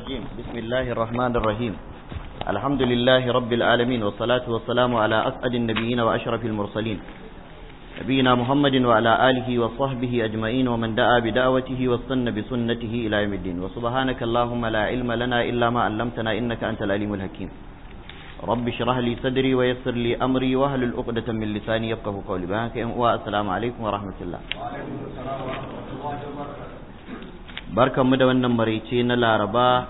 الرجيم بسم الله الرحمن الرحيم الحمد لله رب العالمين والصلاة والسلام على أسعد النبيين وأشرف المرسلين نبينا محمد وعلى آله وصحبه أجمعين ومن دعا بدعوته واستنى بسنته إلى يوم الدين وسبحانك اللهم لا علم لنا إلا ما علمتنا إنك أنت العليم الحكيم رب اشرح لي صدري ويسر لي أمري واهل العقدة من لساني يفقه قولي بانك والسلام عليكم ورحمة الله وعليكم السلام ورحمة الله mu da wannan maraice na laraba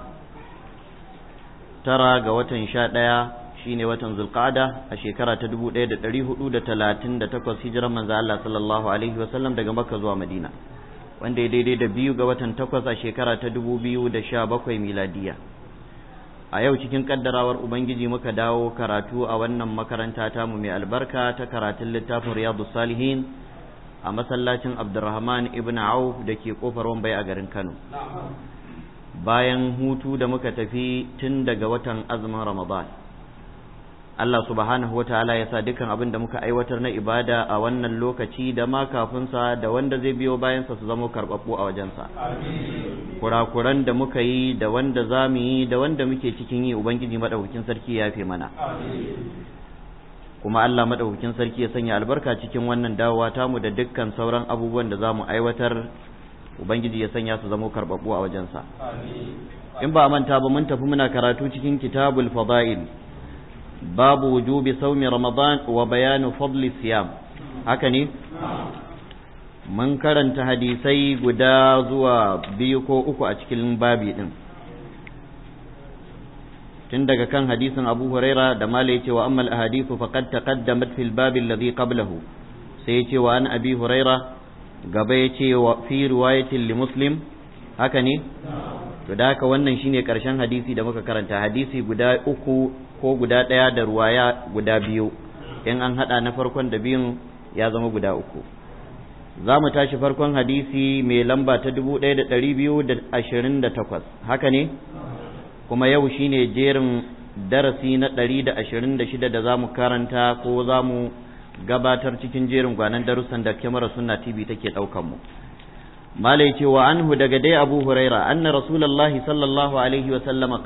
tara ga watan sha ɗaya shine watan zulqada a shekara ta dubu ɗaya da ɗari hudu da talatin da takwas hijiran manzo Allah sallallahu alaihi wasallam daga makka zuwa madina wanda ya daidai da biyu ga watan takwas a shekara ta dubu biyu da sha bakwai miladiya a yau cikin kaddarawar ubangiji muka dawo karatu a wannan makaranta tamu mai albarka ta karatun littafin riyadu salihin a masallacin abdurrahman ibn auf da ke kofar wambai a garin kano bayan hutu da muka tafi tun daga watan azumin ramadan Allah subhanahu wa ta'ala ya sa dukkan abin da muka aiwatar na ibada a wannan lokaci da ma kafinsa da wanda zai biyo bayansa su zama karɓaɓɓu a wajensa. Kurakuran da muka yi da wanda za mu yi da wanda muke cikin yi Ubangiji maɗaukakin sarki ya fi mana. kuma Allah madaukakin sarki ya sanya albarka cikin wannan dawowa tamu da dukkan sauran abubuwan da zamu aiwatar ubangiji ya sanya su zamo karbabbu a wajensa in ba manta ba mun tafi muna karatu cikin kitabul fada'il babu wujubi sawmi ramadan wa bayanu fadli siyam haka ne mun karanta hadisai guda zuwa biyu ko uku a cikin babi din tun daga kan hadisin Abu Huraira da mala yace wa ammal ahadithu faqad taqaddamat fil bab alladhi qablahu sai yace wa an Abi Huraira gaba yace wa fi riwayatin li Muslim haka ne to da haka wannan shine karshen hadisi da muka karanta hadisi guda uku ko guda ɗaya da ruwaya guda biyu in an hada na farkon da biyun ya zama guda uku za mu tashi farkon hadisi mai lamba ta dubu ɗaya da ɗari biyu da ashirin da takwas haka ne kuma yau shine jerin darasi na ɗari da ashirin da shida da za mu karanta ko za mu gabatar cikin jerin gwanan darussan da kyamara suna tv take ɗaukan mu malai cewa anhu daga dai abu huraira anna Rasulallah sallallahu alaihi wa sallama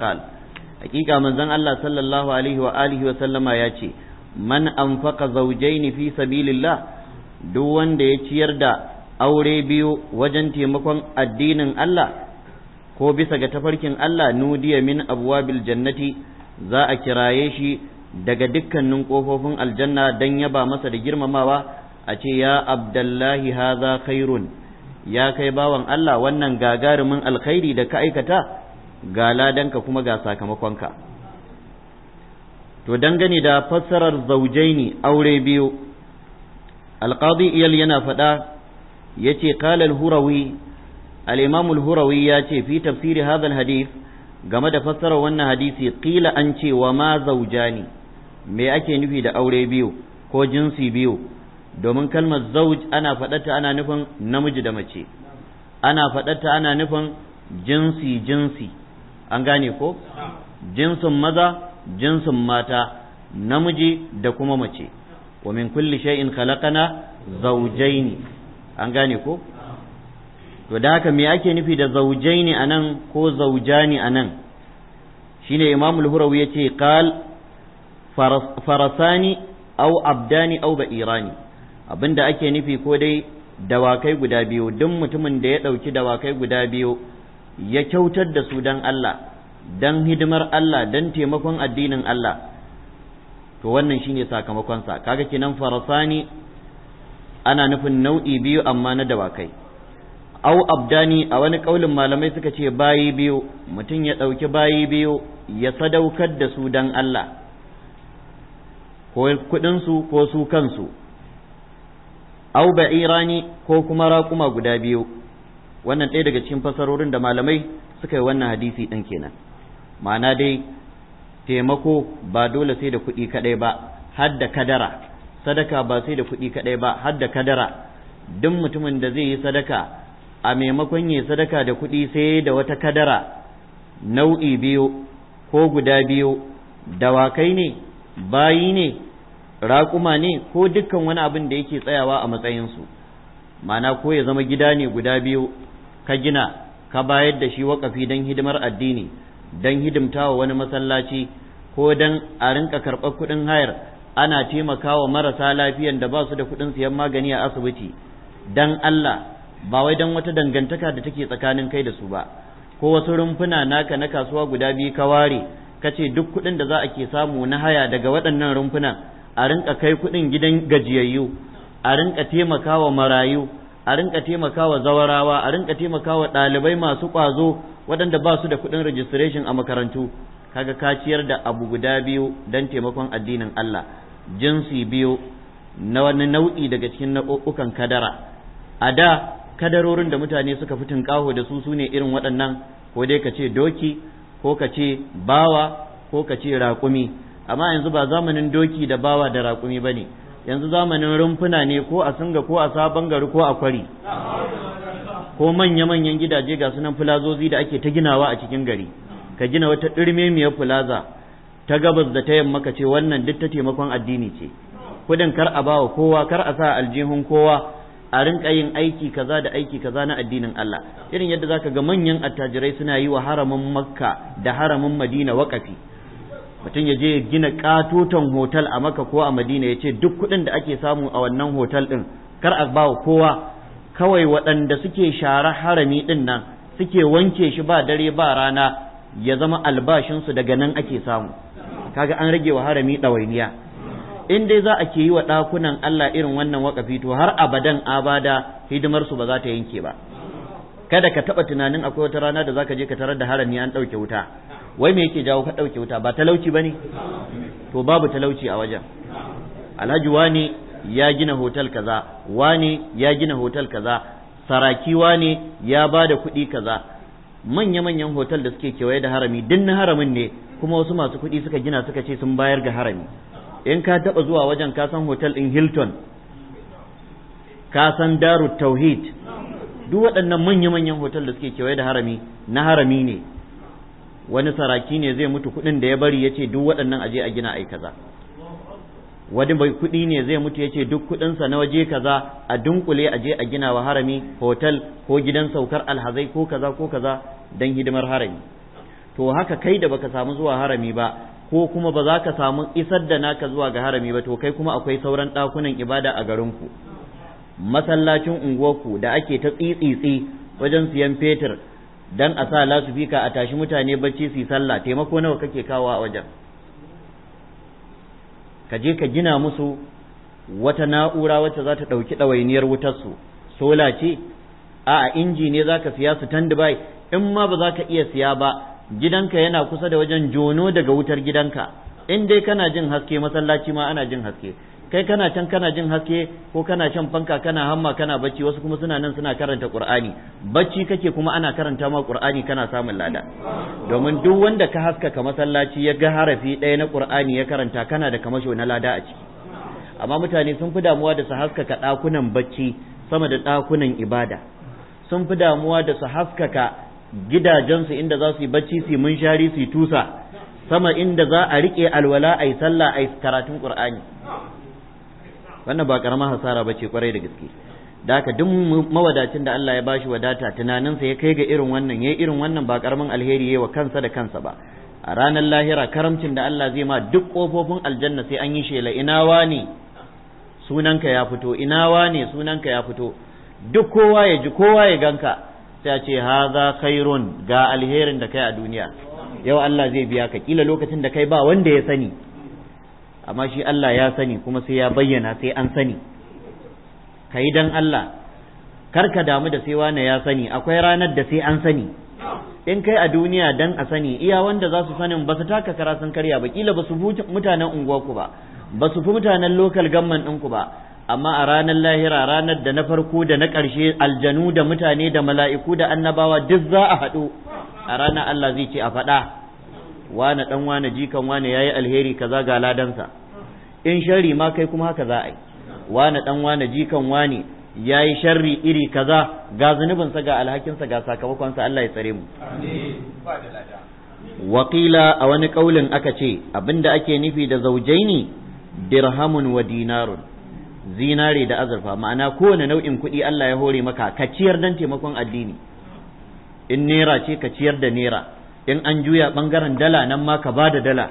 hakika manzon Allah sallallahu alaihi wa alihi wasallama ya ce man anfaqa zawjaini fi sabilillah duk wanda ya ciyar da aure biyu wajen taimakon addinin Allah ko bisa ga tafarkin Allah nudiya min abwabil jannati za a kiraye shi daga dukkanin kofofin aljanna dan yaba masa da girmamawa a ce ya abdullahi haza khairun ya kai bawan Allah wannan gagarumin alkhairi da ka aikata ga ladanka kuma ga sakamakonka to dangane da fassarar zaujaini aure biyu alqadi iyal yana faɗa yace qala al-hurawi al-imam hurawi ya ce fi tafsiri hadha hadith game da fassara wannan hadisi kila an ce wa ma zaujani me ake nufi da aure biyu ko jinsi biyu domin kalmar zauj ana faɗata ana nufin namiji da mace ana faɗata ana nufin jinsi jinsi an gane ko jinsin maza jinsin mata namiji da kuma mace wa min kulli shay'in khalaqana zawjaini an gane ko to da haka me ake nufi da zaujaini anan ko zaujani anan shine imamu al-hurawi yace qal farasani aw abdani aw ba'irani abinda ake nufi ko dai dawakai guda biyu duk mutumin da ya ɗauki dawakai guda biyu ya kyautar da su dan Allah dan hidimar Allah dan taimakon addinin Allah to wannan shine sakamakonsa kaga kenan farasani ana nufin nau'i biyu amma na dawakai au abdani a wani kaulin malamai suka ce bayi biyu mutum ya ɗauki bayi biyu ya sadaukar da su don Allah ko kuɗinsu ko su kansu au ba'irani ko kuma raƙuma guda biyu wannan ɗaya daga cikin fasarorin da malamai suka yi wannan hadisi ɗin kenan ma'ana dai taimako ba dole sai da kuɗi kaɗai ba har da kadara sadaka ba sai da kuɗi kaɗai ba har da kadara duk mutumin da zai yi sadaka a maimakon yi sadaka da kuɗi sai da wata kadara nau'i biyu ko guda biyu dawakai ne bayi ne raƙuma ne ko dukkan wani abin da yake tsayawa a matsayinsu mana ko ya zama gida ne guda biyu ka gina ka bayar da shi waƙafi don hidimar addini don hidimtawa wani masallaci ko don a rinka karɓar kuɗin hayar ana taimakawa marasa lafiyan da ba su da kuɗin siyan magani a asibiti don Allah ba wai don wata dangantaka da take tsakanin kai da su ba ko wasu rumfuna naka na kasuwa guda biyu ka ware ka ce duk kuɗin da za a ke samu na haya daga waɗannan rumfuna a rinka kai kuɗin gidan gajiyayyu a rinka taimakawa marayu a rinka taimakawa zawarawa a rinka taimakawa ɗalibai masu ƙwazo waɗanda ba su da kuɗin registration a makarantu kaga ka ciyar da abu guda biyu don taimakon addinin Allah jinsi biyu na wani nau'i daga cikin nau'ukan kadara a da kadarorin da mutane suka fitin kaho da su sune irin waɗannan ko dai ka ce doki ko ka ce bawa ko ka ce raƙumi amma yanzu ba zamanin doki da bawa da raƙumi ba ne yanzu zamanin rumfuna ne ko a singa ko a sabon gari ko a kwari ko manya-manyan gidaje ga sunan filazozi da ake ta ginawa a cikin gari ka gina wata ɗirmemiyar filaza ta gabas da ta yamma ka ce wannan duk ta taimakon addini ce kuɗin kar a bawa kowa kar a sa aljihun kowa a rinka yin aiki kaza da aiki kaza na addinin Allah irin yadda zaka ga manyan attajirai suna yi wa haramin makka da haramin madina wakafi mutum ya je ya gina katoton hotel a makka ko a madina ya ce duk kuɗin da ake samu a wannan hotel ɗin kar a bawa kowa kawai waɗanda suke share harami ɗin nan suke wanke shi ba dare ba rana ya zama albashinsu daga nan ake samu kaga an rage wa harami ɗawainiya in dai za a ke yi wa ɗakunan Allah irin wannan wakafi to har abadan abada hidimarsu hidimarsu ba za ta yanke ba kada ka taɓa tunanin akwai wata rana da za ka je ka tarar da harami an ɗauke wuta wai me yake jawo ka ɗauke wuta ba talauci ba ne to babu talauci a wajen alhaji wani ya gina hotel kaza wani ya gina hotel kaza saraki wani ya ba da kuɗi kaza manya-manyan hotel da suke kewaye da harami din na haramin ne kuma wasu masu kuɗi suka gina suka ce sun bayar ga harami in ka taɓa zuwa wajen ka san hotel din Hilton ka san Darut Tauhid duk waɗannan manya-manyan hotel da suke kewaye da harami na harami ne wani saraki ne zai mutu kuɗin da ya bari ya ce duk waɗannan aje a gina ai kaza wani bai kuɗi ne zai mutu ya ce duk kuɗinsa na waje kaza a dunkule aje a gina wa harami hotel ko gidan saukar alhazai ko kaza ko kaza don hidimar harami to haka kai da baka samu zuwa harami ba ko kuma ba za ka samu isar da naka zuwa ga harami ba to kai kuma akwai sauran ɗakunan ibada a garin ku. masallacin unguwarku da ake ta tsitsitsi wajen siyan fetur dan a sa fika a tashi mutane bacci su yi sallah taimako nawa kake kawo a wajen ka je ka gina musu wata na'ura wacce za ta ɗauki ɗawainiyar wutarsu sola ce A'a, inji ne za ka siya su tandibai in ma ba za ka iya siya ba gidanka yana kusa da wajen jono daga wutar gidanka in dai kana jin haske masallaci ma ana jin haske kai kana can kana jin haske ko kana shan fanka kana hamma kana bacci wasu kuma suna nan suna karanta qur'ani bacci kake kuma ana karanta ma qur'ani kana samun lada domin duk wanda ka haskaka masallaci ya ga harafi ɗaya na qur'ani ya karanta kana da kamasho na lada a ciki amma mutane sun fi damuwa da su haskaka ɗakunan bacci sama da ɗakunan ibada sun fi damuwa da su haskaka gidajensu inda za su yi bacci su mun shari su tusa sama inda za a riƙe alwala a sallah a yi karatun ƙur'ani wannan ba ƙaramar hasara ba ce ƙwarai da gaske da haka duk mawadacin da Allah ya bashi wadata tunaninsa ya kai ga irin wannan ya irin wannan ba ƙaramin alheri ya wa kansa da kansa ba a ranar lahira karamcin da Allah zai ma duk ƙofofin aljanna sai an yi shela ina wani sunanka ya fito ina wani sunanka ya fito duk kowa ya ji kowa ya ganka sai a ce haza khairun ga alherin da kai a duniya yau Allah zai biya ka kila lokacin da kai ba wanda ya sani amma shi Allah ya sani kuma sai ya bayyana sai an sani Ka yi don Allah kar ka damu da sai wane ya sani akwai ranar da sai an sani in kai a duniya dan a sani iya wanda za su sanin ba su taka kara sun karya ba kila ba su fi mutanen unguwarku ba ba su fi mutanen lokal gamman ɗinku ba amma a ranar lahira ranar da na farko da na ƙarshe aljanu da mutane da mala'iku da annabawa duk za a haɗu a ranar Allah zai ce a faɗa wane ɗan wane jikan wane ya yi alheri kaza ga ladansa in sharri ma kai kuma haka za a yi wane ɗan wane jikan wane ya yi sharri iri kaza ga zunubinsa ga alhakinsa ga sakamakonsa Allah ya tsare mu waƙila a wani ƙaulin aka ce abinda ake nufi da zaujaini dirhamun wa dinarun zinare da azurfa ma'ana kowane nau'in kuɗi Allah ya hore maka ka ciyar dan taimakon addini in nera ce ka ciyar da nera in an juya bangaren dala nan ma ka bada dala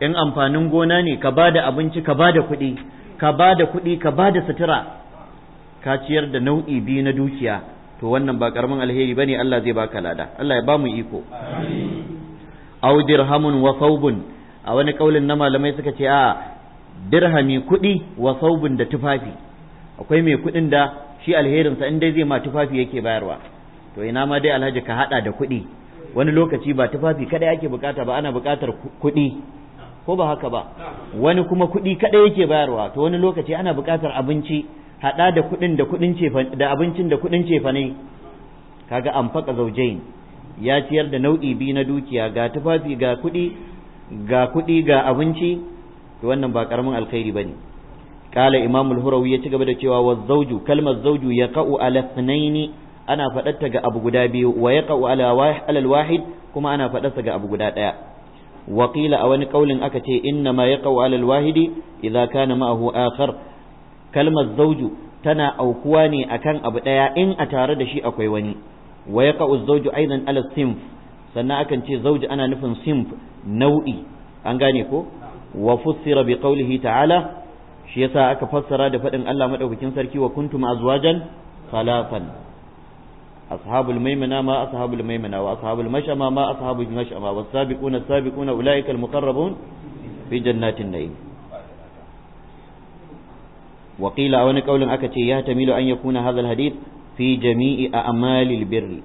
in amfanin gona ne ka bada abinci ka bada kuɗi ka bada kuɗi ka bada sutura ka ciyar da nau'i biyu na dukiya to wannan ba karamin alheri bane Allah zai baka lada Allah ya ba mu iko amin aw dirhamun wa thawbun a wani kaulin na malamai suka ce a dirhami kuɗi wa saubin da tufafi akwai mai kuɗin da shi alherinsa in dai zai ma tufafi yake bayarwa to ina ma dai alhaji ka haɗa da kuɗi wani lokaci ba tufafi kada yake bukata ba ana bukatar kuɗi ko ba haka ba wani kuma kuɗi kada yake bayarwa to wani lokaci ana bukatar abinci haɗa da kuɗin da kuɗin da abincin da kuɗin cefa ne kaga an faka zaujain ya ciyar da nau'i biyu na dukiya ga tufafi ga kuɗi ga kuɗi ga abinci to wannan ba karamin alkhairi bane ne imam al-hurawi ya ci gaba da cewa wa zawju kalmar zawju yaqa'u ala ithnaini ana fadarta ga abu guda biyu wa yaqa'u ala ala al-wahid kuma ana fadarta ga abu guda daya wa qila a wani kaulin aka ce inna ma yaqa'u ala al-wahidi idza kana ma'ahu akhar kalmar zawju tana aukuwa ne akan abu daya in a tare da shi akwai wani wa yaqa'u zawju aidan ala sinf sannan akan ce zauju ana nufin simf nau'i an gane ko wa fussira bi qawlihi ta'ala shi yasa aka fassara da faɗin Allah madaukakin sarki wa kuntum azwajan salatan ashabul maimana ma ashabul maimana wa ashabul mashama ma ashabul mashama was sabiquna sabiquna ulaika al muqarrabun fi jannatin na'im wa qila wani kaulin aka ce ya tamilu an yakuna hadha al hadith fi jami'i a'malil birri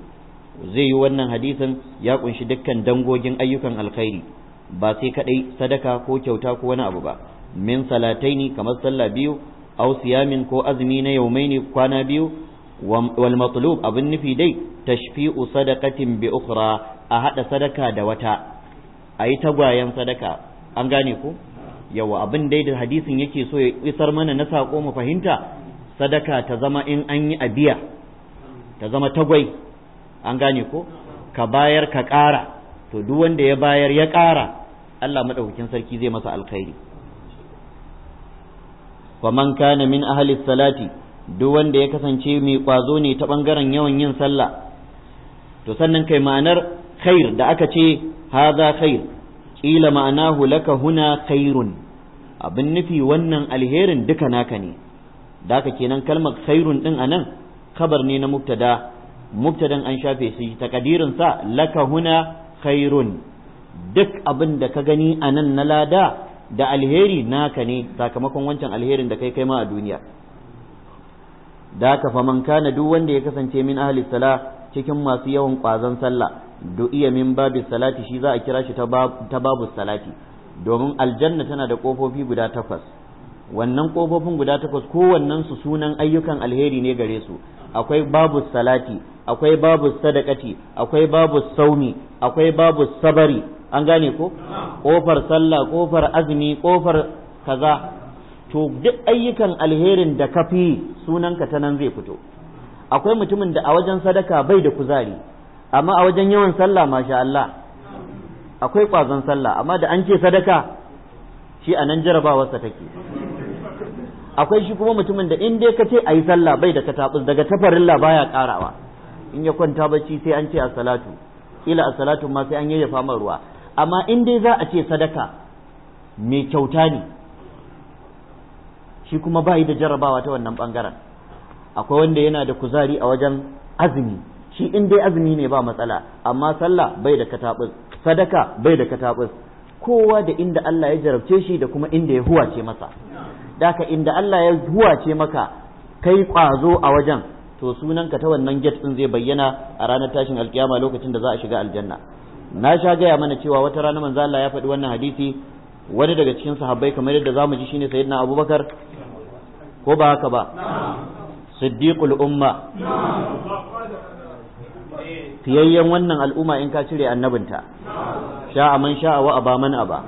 zai yi wannan hadisin ya kunshi dukkan dangogin ayyukan alkhairi ba sai kadai sadaka ko kyauta ko wani abu ba min salataini kamar sallah biyu aw siyamin ko azumi na yawmaini kwana biyu wal matlub abin nufi dai tashfi'u sadaqatin bi ukhra a hada sadaka da wata ayi tagwayen sadaka an gane ko yawa abin dai da hadisin yake so ya isar mana na sako mu fahimta sadaka ta zama in an yi abiya ta zama tagwai an gane ko ka bayar ka ƙara to duk wanda ya bayar ya ƙara Allah madaukakin sarki zai masa alkhairi man kana min ahli salati duk wanda ya kasance mai kwazo ne ta ɓangaren yawan yin sallah to sannan kai ma'anar khair da aka ce haza khair Ƙila ma'anahu laka huna khairun abin nufi wannan alherin duka naka ne da haka kenan kalmar khairun din anan kabar ne na mubtada mubtadan an shafe shi takadirin sa laka huna khairun duk abin da ka gani a nan na lada da alheri naka ne sakamakon wancan alherin da kai kai ma a duniya da ka fa man kana duk wanda ya kasance min ahli sala cikin masu yawan kwazon sallah du'iya min babu salati shi za a kira shi ta babu salati domin aljanna tana da kofofi guda takwas wannan kofofin guda takwas kowannen su sunan ayyukan alheri ne gare su akwai babu salati akwai babu sadakati akwai babu saumi akwai babu sabari an gane ko kofar sallah kofar azumi kofar kaza to duk ayyukan alherin da ka fi sunanka ta nan zai fito akwai mutumin da a wajen sadaka bai da kuzari amma a wajen yawan sallah masha Allah akwai kwazon sallah amma da an ce sadaka shi a nan jarabawarsa take akwai shi kuma mutumin da in dai ka ce a yi sallah bai da katabus daga tafarin la baya karawa in ya kwanta bacci sai an ce a salatu ila a salatu ma sai an yayyafa fama ruwa amma in dai za a ce sadaka mai kyauta ne shi kuma bai da jarabawa ta wannan bangaren akwai wanda yana da kuzari a wajen azumi shi in dai azumi ne ba matsala amma sallah bai da katabus sadaka bai da katabus kowa da inda Allah ya jarabce shi da kuma inda ya huwace masa daka inda Allah ya huwace maka kai kwazo a wajen to sunanka ta wannan gate din zai bayyana a ranar tashin alkiyama lokacin da za a shiga aljanna na sha gaya mana cewa wata rana manzo Allah ya faɗi wannan hadisi wani daga cikin sahabbai kamar yadda zamu ji shine sayyidina Abubakar ko ba haka ba siddiqul umma fiyayyen wannan al'umma in ka cire annabinta sha'a man sha'a wa aba man aba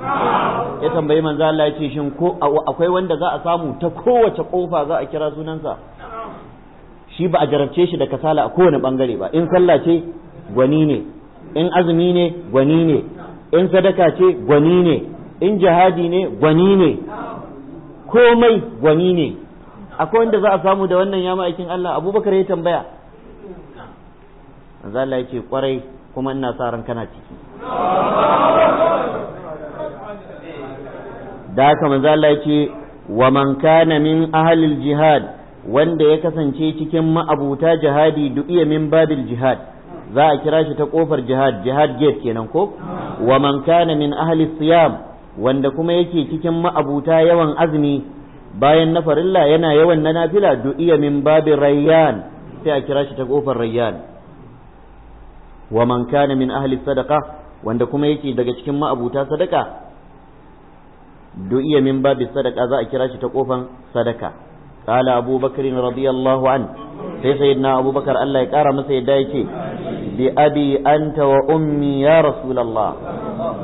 ya tambayi manzo Allah ya ce shin ko akwai wanda za a samu ta kowace kofa za a kira sunansa shi ba a jarabce shi da kasala a kowane bangare ba in sallah ce gwani ne in azumi ne gwani ne in sadaka ce gwani ne in jihadi ne gwani ne komai gwani ne akwai wanda za a samu da wannan ya ma'aikin Allah abubakar ya tambaya manzo Allah ya ce kwarai kuma ina sa ran kana ciki da haka manzo Allah wa man kana min ahlil jihad wanda ya kasance cikin ma'abuta jihadi du'iya min babil jihad za a kira shi ta kofar jihad jihad gate kenan ko wa man kana min ahli siyam wanda kuma yake cikin ma'abuta yawan azumi bayan na farilla yana yawan na nafila du'iya min babin rayyan sai a kira shi ta kofar rayyan wa man kana min ahli sadaqa wanda kuma yake daga cikin ma'abuta sadaka du'iya min babi sadaka za a kira shi ta kofan sadaka qala abubakar radiyallahu an sai sayyidina abubakar Allah ya kara masa yadda yake bi abi anta wa ummi ya rasulullah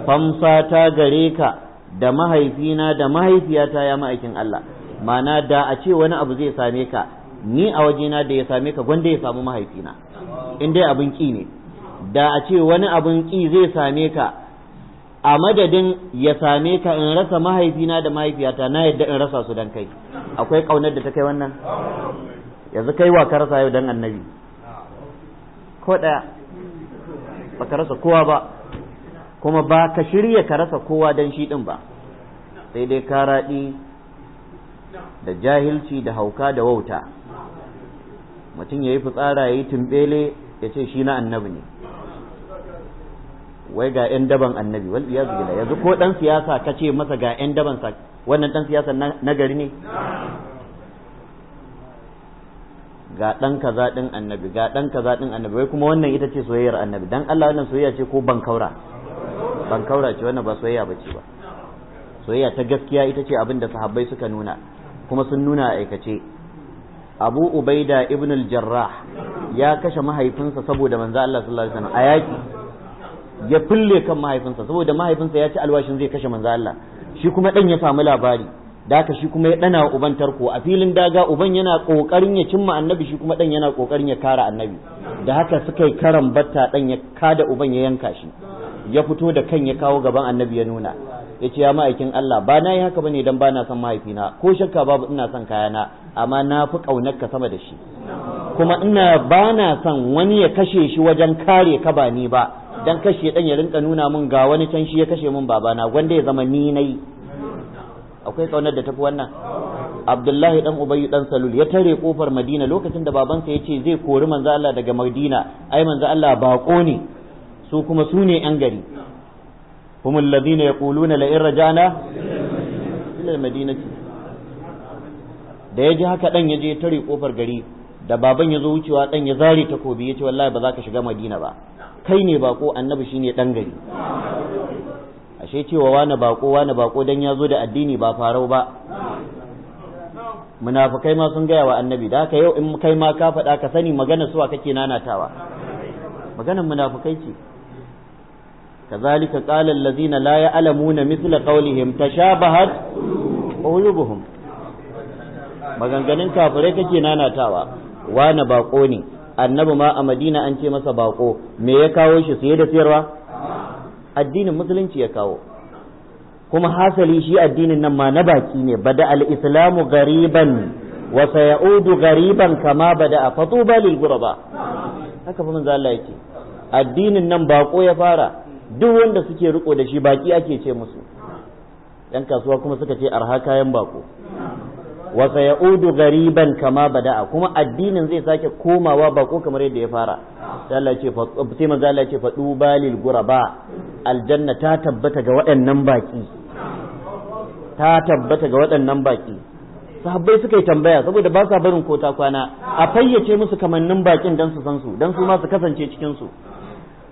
famsa ta gare ka da mahaifina da mahaifiyata ya ma'aikin Allah mana da a ce wani abu zai same ka ni a wajena da ya same ka gwanda ya samu mahaifina in dai abin ki ne da a ce wani abin ƙi zai same ka a madadin ya same ka in rasa mahaifina da mahaifiyata na yadda in rasa su dan kai akwai ƙaunar da ta kai wannan yanzu kai wa ka rasa yau dan annabi ko ɗaya ba ka rasa kowa ba kuma ba ka shirya ka rasa kowa dan shi ɗin ba sai dai ka raɗi da jahilci da hauka da wauta mutum ya yi fitsara ya yi tumbele ya ce shi na annabi ne wai ga yan daban annabi wal iyazu billah yanzu ko dan siyasa ka ce masa ga yan daban sa wannan dan siyasa na gari ne ga dan kaza din annabi ga dan kaza din annabi wai kuma wannan ita ce soyayyar annabi dan Allah wannan soyayya ce ko bankaura bankaura ce wannan ba soyayya bace ba soyayya ta gaskiya ita ce abin da sahabbai suka nuna kuma sun nuna a aikace Abu Ubaida ibn al-Jarrah ya kashe mahaifinsa saboda manzo Allah sallallahu alaihi wasallam a yaki ya fille kan mahaifinsa saboda mahaifinsa ya ci alwashin zai kashe manzo Allah shi kuma dan ya samu labari da haka shi kuma ya dana wa uban tarko a filin daga uban yana kokarin ya cimma annabi shi kuma dan yana kokarin ya kara annabi da haka suka yi karan batta dan ya kada uban ya yanka shi ya fito da kan ya kawo gaban annabi ya nuna ya ce ya ma'aikin Allah ba na yi haka bane dan ba na son mahaifina ko shakka babu ina son kayana amma na fi ka sama da shi kuma ina ba na son wani ya kashe shi wajen kare ka ba ni ba dan kashe dan ya rinka nuna mun ga wani can shi ya kashe mun babana wanda ya zama ni nayi akwai kaunar da tafi wannan Abdullahi dan Ubayy dan Salul ya tare kofar Madina lokacin da babansa ya ce zai kori manzo Allah daga Madina ai manzo Allah bako ne su kuma su ne yan gari هم الذين يقولون لئن رجعنا ila madinati da ya ji haka dan ya je tare ƙofar gari da baban ya zo wucewa dan ya zare takobi ya ce wallahi ba za ka shiga madina ba kai ne bako annabi shine dan gari ashe cewa wani bako wani bako dan ya zo da addini ba farau ba munafukai ma sun gaya wa annabi da haka yau in kai ma ka faɗa ka sani magana suwa kake nanatawa maganar munafukai ce kazalika qala allazina la ya'lamuna mithla qawlihim tashabahat qulubuhum maganganun kafirai kake nanatawa wani bako ne annabi ma a madina an ce masa bako me ya kawo shi siye da sayarwa addinin musulunci ya kawo kuma hasali shi addinin nan ma na baki ne bada al-islamu gariban wa sayaudu gariban kama bada fatuba lil ba haka fa manzo Allah yake addinin nan bako ya fara duk wanda suke riko da shi baki ake ce musu yan kasuwa kuma suka ce arha kayan bako wa sayaudu gariban kama bada'a kuma addinin zai sake komawa bako kamar yadda ya fara sai Allah ce sai ce balil guraba aljanna ta tabbata ga waɗannan baki ta tabbata ga waɗannan baki sahabbai suka yi tambaya saboda ba sa barin kota kwana a fayyace musu kamannin bakin dan su san su dan su ma su kasance cikin su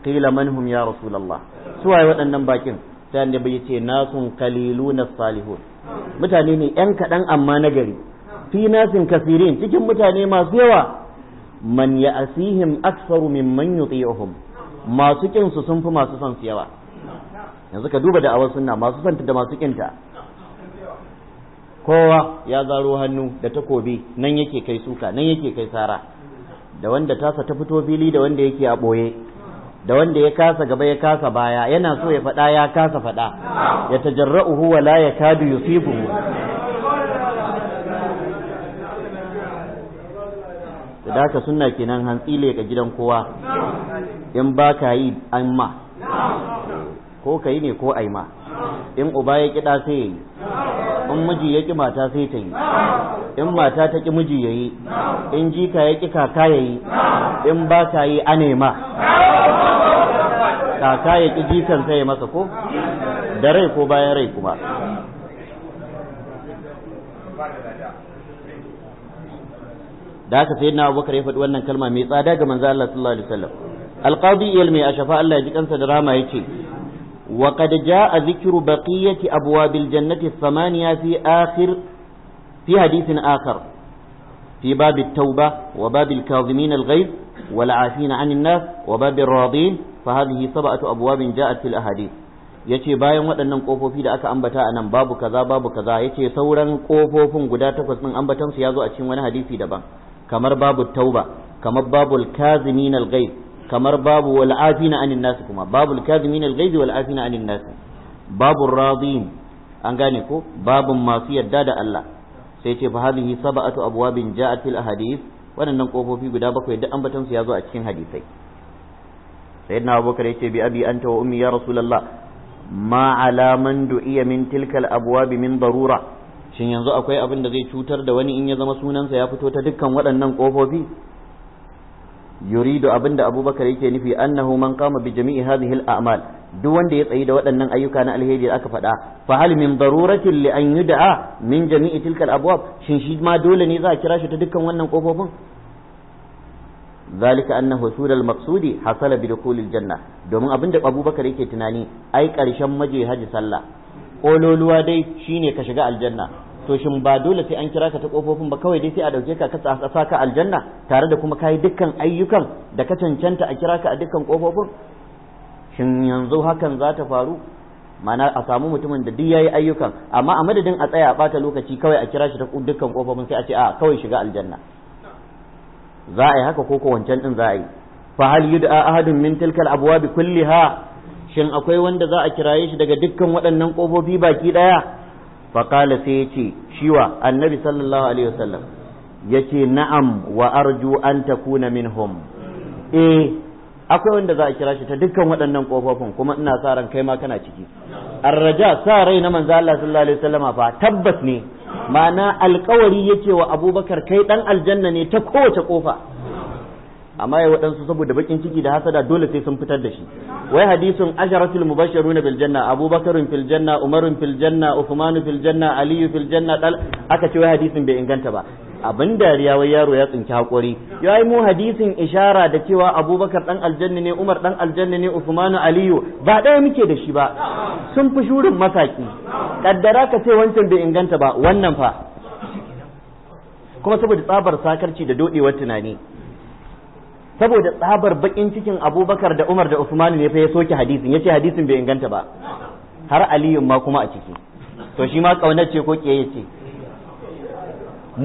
qila man hum ya rasulullah suwaye waɗannan bakin sai annabi yace nasun qalilun salihun mutane ne yan kaɗan amma nagari fi nasin kasirin cikin mutane masu yawa man ya asihim aksaru mimman yuti'uhum masu kinsu sun fi masu son su yawa yanzu ka duba da'awar sunna masu santa da masu kinta kowa ya zaro hannu da takobi nan yake kai suka nan yake kai sara da wanda tasa ta fito fili da wanda yake a ɓoye da wanda ya kasa gaba ya kasa baya yana so ya faɗa ya kasa faɗa ya tajarra'uhu wa la yakadu yusibuhu da haka sunna kenan hantsi ga gidan kowa in ba ka yi an ko ka yi ne ko aima? in uba ya kiɗa sai yayi in miji ya ki mata sai ta yi in mata ta ki miji yi. in jika ya ki kaka yi. in ba ta yi a nema kaka ya ki jikan sai ya masa ko da rai ko bayan rai kuma da aka haka na Abubakar ya faɗi wannan kalma mai tsada ga manzo Allah sallallahu alaihi wasallam alqadi ilmi a shafa Allah ya ji kansa da rama yake وقد جاء ذكر بقية أبواب الجنة الثمانية في آخر في حديث آخر في باب التوبة وباب الكاظمين الغيظ والعافين عن الناس وباب الراضين فهذه سبعة أبواب جاءت في الأحاديث yace bayan waɗannan ƙofofi da aka ambata a nan babu kaza babu kaza yace sauran ƙofofin guda takwas ɗin ambatan su ya zo a cikin wani hadisi daban kamar babu tauba kamar babu kazimin al-ghaib kamar babu wal afina anin nasu kuma babu kadhimin al ghaibi wal anin nas babur radin an gane ko babun masu yadda da Allah sai ce fa hadhihi sab'atu abwabin ja'at fil ahadith waɗannan kofofi guda bakwai duk ambaton su ya zo a cikin hadisai sayyidina abubakar yace bi abi anta wa ummi ya rasulullah ma ala man du'iya min tilka abwab min darura shin yanzu akwai abin da zai cutar da wani in ya zama sunansa ya fito ta dukkan waɗannan kofofi yuridu abinda abubakar yake nufi annahu man qama bi jami'i hadhihi al-a'mal duk wanda ya tsayi da waɗannan ayyuka na alheri aka faɗa fa hal min daruratin li an yud'a min jami'i tilka abwab shin shi ma dole ne za a kira shi ta dukkan wannan kofofin zalika anna husul al-maqsudi hasala bi dukhul janna domin abinda abubakar yake tunani ai karshen maje haji sallah kololuwa dai shine ka shiga aljanna to shin ba dole sai an kira ka ta kofofin ba kawai dai sai a dauke ka ka sa ka aljanna tare da kuma kai dukkan ayyukan da ka cancanta a kira ka a dukkan kofofin shin yanzu hakan za ta faru mana a samu mutumin da duk yayi ayyukan amma a madadin a tsaya a bata lokaci kawai a kira shi ta dukkan kofofin sai a ce a kawai shiga aljanna za a yi haka ko ko wancan din za a yi fa hal yud'a ahadun min tilkal abwab kulliha shin akwai wanda za a kiraye shi daga dukkan waɗannan kofofi baki daya faƙala sai ya ce shiwa annabi sallallahu alaihi wasallam ya ce na'am wa arju an takuna hom. eh akwai wanda za a kira shi ta dukkan waɗannan ƙofofin kuma ina sa ran kai ma kana ciki arraja sa rai na manzo Allah sallallahu alaihi wasallama fa tabbas ne ma'ana alƙawari yake wa abubakar kai ɗan aljanna ne ta kowace ƙofa amma ya waɗansu saboda bakin ciki da hasada dole sai sun fitar da shi wai hadisin asharatul mubashiruna bil janna abubakarun fil janna umar fil janna uthman fil janna aliyu fil janna aka ce wai hadisin bai inganta ba abin dariya wai yaro ya tsinci hakuri yayi mu hadisin ishara da cewa abubakar dan aljanna ne umar dan aljanna ne uthman aliyu ba ɗaya muke da shi ba sun fi shurin masaki kaddara ka ce wancan bai inganta ba wannan fa kuma saboda tsabar sakarci da dodewar tunani saboda tsabar bakin cikin abubakar da umar da usman ne fa ya soke hadisin ya ce hadisin bai inganta ba har aliyun ma kuma a ciki to shi ma kaunar ce ko kiyaye ce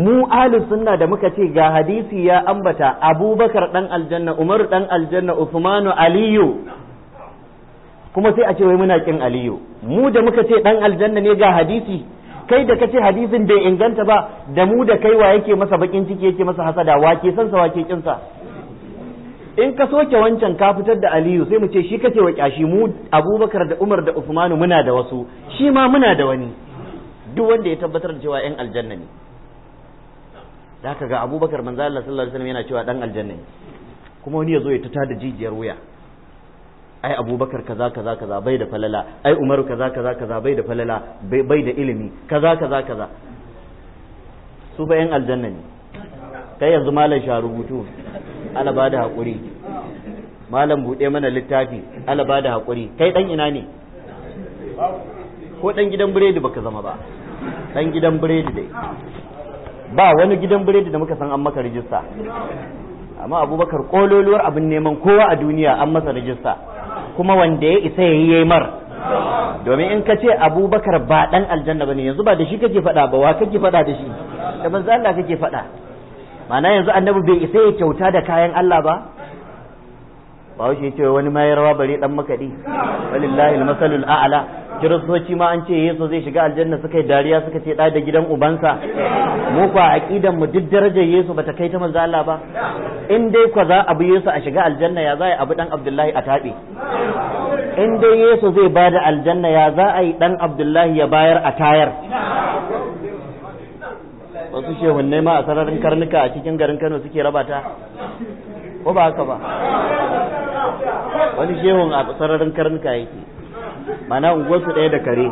mu ahli sunna da muka ce ga hadisi ya ambata abubakar dan aljanna umar dan aljanna usman aliyu kuma sai a ce wai muna kin aliyu mu da muka ce dan aljanna ne ga hadisi kai da kace hadisin bai inganta ba da mu da kai wa yake masa bakin ciki yake masa hasada wa ke san sa wa ke sa in ka soke wancan ka fitar da aliyu sai mu ce shi kake wa kyashi mu abubakar da umar da usmanu muna da wasu shi ma muna da wani duk wanda ya tabbatar da cewa yan aljanna ne da ka ga abubakar manzo Allah sallallahu alaihi wasallam yana cewa dan aljanna ne kuma wani yazo ya tata da jijiyar wuya ai abubakar kaza kaza kaza bai da falala ai umaru kaza kaza kaza bai da falala bai da ilimi kaza kaza kaza su ba yan aljanna ne kai yanzu malam sha rubutu ala ba da haƙuri malam buɗe mana littafi ala ba da haƙuri kai ɗan ina ne ko ɗan gidan biredi baka zama ba ɗan gidan biredi dai ba wani gidan biredi da muka san an maka rijista amma abubakar kololuwar abin neman kowa a duniya an masa rijista kuma wanda ya isa ya yi mar domin in ka ce abubakar ba ɗan aljanna ba ne yanzu ba da shi kake faɗa ba wa kake faɗa da shi da manzo Allah kake faɗa mana yanzu annabi bai isa ya kyauta da kayan Allah ba ba shi ce wani ma ya rawa bare dan makadi walillahi almasalul a'la kiristoci ma an ce yesu zai shiga aljanna suka yi dariya suka ce da da gidan ubansa mu kwa aqidan mu duk darajar yesu bata kai ta manzo Allah ba in dai kwa za abu yesu a shiga aljanna ya za a abu dan abdullahi a tabe in dai yesu zai bada aljanna ya za a yi dan abdullahi ya bayar a tayar wasu shehunne ma a sararin karnuka a cikin garin kano suke raba ta ko ba haka ba wani shehun a sararin karnuka yake mana unguwarsu ɗaya da kare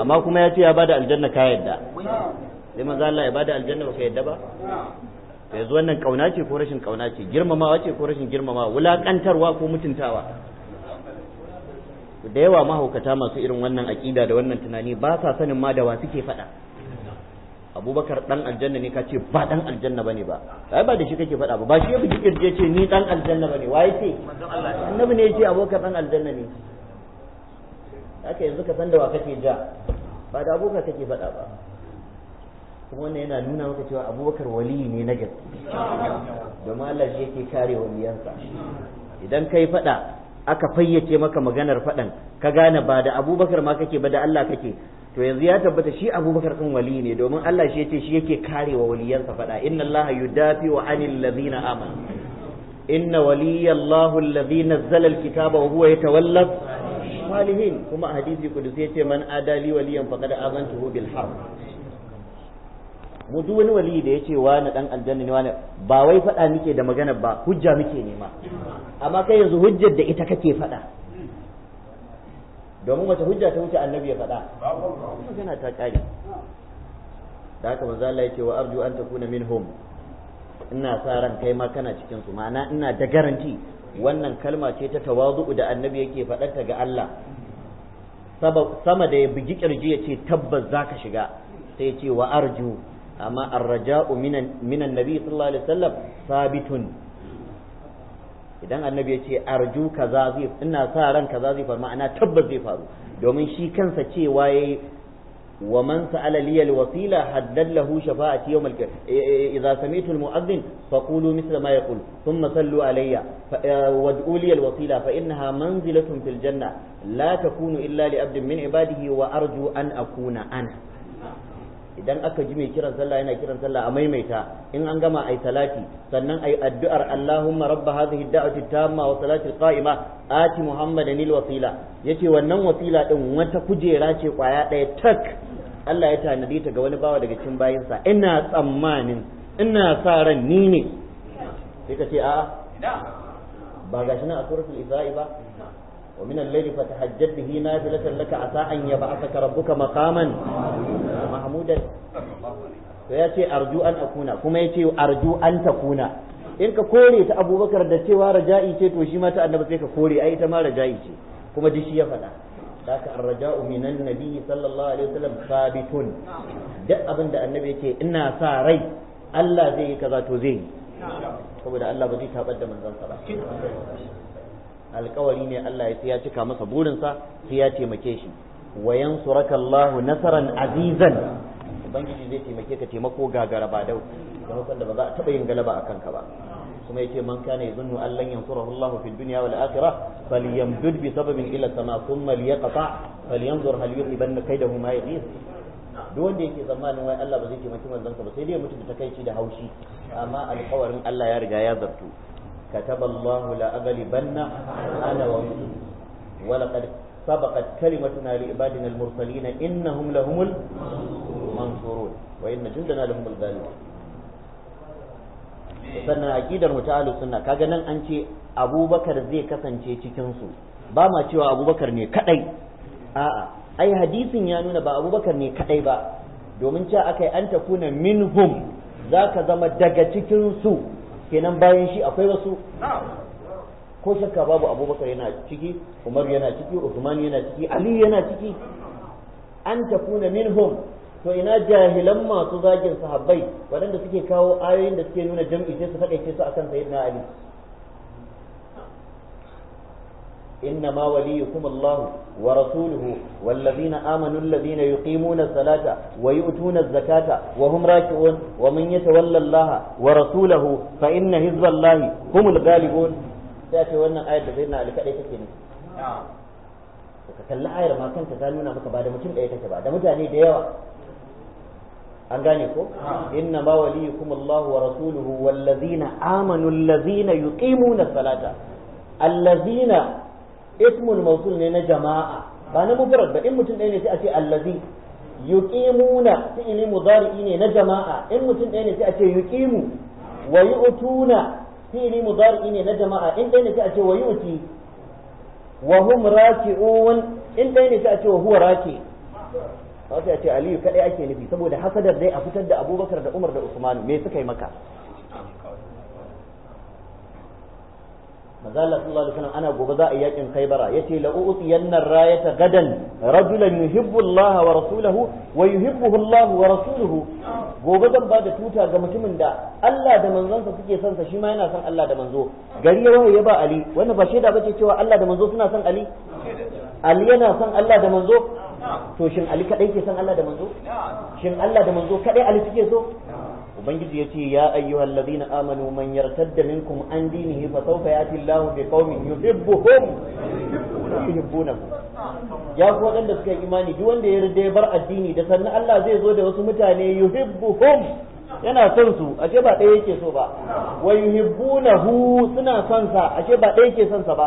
amma kuma ya ce ya bada aljanna ka yadda sai maza Allah ya bada aljanna ba ka yadda ba ya zo wannan kauna ce ko rashin kauna ce girmamawa ce ko rashin girmamawa wulakantarwa ko mutuntawa da yawa mahaukata masu irin wannan aƙida da wannan tunani ba sa sanin ma da wa suke faɗa abubakar dan aljanna ne ka ce ba dan aljanna bane ba ai ba da shi kake faɗa ba ba shi ya bugi kirje ce ni dan aljanna bane waye ce annabi ne yace abubakar dan aljanna ne haka yanzu ka san da wa kake ja ba da abubakar kake faɗa ba kuma wannan yana nuna maka cewa abubakar wali ne na gaske domin Allah shi yake kare waliyansa idan kai faɗa aka fayyace maka maganar faɗan ka gane ba da abubakar ma kake ba da Allah kake to yanzu ya tabbata shi abubakar din wali ne domin Allah shi ya ce shi yake karewa waliyansa fada inna Allah yudafi wa anil ladhina amanu inna waliyallahu alladhi nazzala alkitaba wa huwa yatawalla salihin kuma a hadisi kudusi ce man adali waliyan faqad azantuhu bil harb mu duk wani wali da yace wani dan aljanna ne wani ba wai fada muke da magana ba hujja muke nema amma kai yanzu hujjar da ita kake fada domin mace hujja ta wuce annabi ya faɗa yana ta ƙare da haka manzo Allah yake wa arju an takuna minhum ina sa ran kai ma kana cikin su ma'ana ina da garanti wannan kalma ce ta tawazu'u da annabi yake faɗarta ga Allah sama da ya bugi kirji ya ce tabbas zaka shiga sai ya ce wa arju amma arraja'u minan minan nabi sallallahu alaihi wasallam sabitun idan annabi ya ce arju kaza zai ina sa ran kaza zai faru ma'ana tabbas zai faru domin shi kansa cewa yayi wa man sa'ala liyal wasila haddallahu shafa'ati yawm al-qiyamah eh, eh, eh, idza sami'tu al-mu'adhdhin faqulu mithla ma yaqul thumma sallu alayya wad'u wasila fa innaha manzilatun fil janna la takunu illa li abdin min ibadihi wa arju an akuna ana idan aka ji mai kiran sallah yana kiran sallah a maimaita in an gama ai salati sannan ai addu'ar Allahumma rabb hadhihi ad-da'wati tamma wa salati qaima ati muhammadan al-wasila yace wannan wasila din wata kujera ce kwaya daya tak Allah ya tanadi ta ga wani bawa daga cikin bayinsa ina tsammanin ina sa ran ni ne sai ka ce a'a ba gashi nan a suratul isra'i ba ومن الليل فتهجد به نافلة لك عسى أن يبعثك ربك مقاما محمودا فيأتي أرجو أن أكون كما يأتي أرجو أن تكون in ka kore ta abubakar da cewa raja'i ce to shi ma ta annabi sai ka kore ai ta ma raja'i ce kuma duk shi ya faɗa haka ar-raja'u minan nabiyyi sallallahu alaihi wasallam sabitun duk abin da annabi yake ina sa rai Allah zai yi kaza to zai yi saboda Allah ba zai tabar da manzon ba alkawari ne Allah ya sai ya cika masa burinsa sai ya taimake shi wa yansuraka Allahu nasaran azizan ubangiji zai taimake ka taimako gagara ba dau taimakon da ba za a taba yin galaba akan ka ba kuma yace man kana yazunnu an lan yansurahu Allahu fid dunya wal akhirah falyamdud bi sababin ila sama thumma liyaqta falyanzur hal yuhibanna kaydahu ma yaghir duk wanda yake zamanin wai Allah ba zai taimaki manzon ka ba sai dai mutu da takaici da haushi amma alƙawarin Allah ya riga ya zartu كتب الله لأغلبن أنا ومسلم ولقد سبقت كلمتنا لعبادنا المرسلين إنهم لهم المنصورون وإن جندنا لهم الغالبون sannan aqidar muta'allu sunna kaga nan an ce abubakar zai kasance cikin su ba ma cewa abubakar ne kadai a'a ai hadisin ya nuna ba abubakar ne kadai ba domin cewa akai an tafi takuna minhum zaka zama daga cikin su kenan bayan shi akwai wasu ko shakka babu abubakar yana ciki umar yana ciki usman yana ciki ali yana ciki an takuna minhum to ina jahilan masu zagin sahabbai waɗanda suke kawo ayoyin da suke nuna jam'i sai su faɗaice su akan sayyidina ali إنما وليكم الله ورسوله والذين آمنوا الذين يقيمون الصلاة ويؤتون الزكاة وهم راكعون ومن يتولى الله ورسوله فإن حزب الله هم الغالبون تأتي وانا آية سيدنا علي كأي تكيني ka kalli ayar ma kanta ta nuna maka ba da mutum ɗaya take ba da mutane da yawa an gane ko inna ma waliyukum Allah wa rasuluhu salata ismul mawsul ne na jama'a ba na mufarad ba in mutum ɗaya ne sai a ce allazi yuqimuna fi'li mudari'i ne na jama'a in mutum ɗaya ne sai a ce yuqimu wa yu'tuna fi'li mudari'i ne na jama'a in ɗaya ne sai a ce wa yu'ti wa hum raki'un in ɗaya ne sai a ce wa huwa raki sai a ce aliyu kadai ake nufi saboda hasadar dai a fitar da abubakar da umar da usman me suka yi maka manzala sallallahu alaihi wasallam ana gobe za a yi yakin khaybara yace la u'tiyanna rayata gadan rajulan yuhibbu Allah wa rasuluhu wa yuhibbuhu Allah wa rasuluhu gobe zan ba da tuta ga mutumin da Allah da manzonsa suke son sa shi ma yana son Allah da manzo gari ya ya ba Ali wannan ba shaida bace cewa Allah da manzo suna son Ali Ali yana son Allah da manzo to shin Ali kadai ke son Allah da manzo shin Allah da manzo kadai Ali suke so ubangiji yace ya ayyuhal ladina amanu man yartadda minkum an dinihi fa sawfa yati Allahu bi qaumin yuhibbuhum yuhibbuna ya ku wadanda suka imani duk wanda ya rida bar addini da sannan Allah zai zo da wasu mutane yuhibbuhum yana son su ashe ba ɗaya yake so ba wa yuhibbunahu suna son sa ashe ba ɗaya yake son sa ba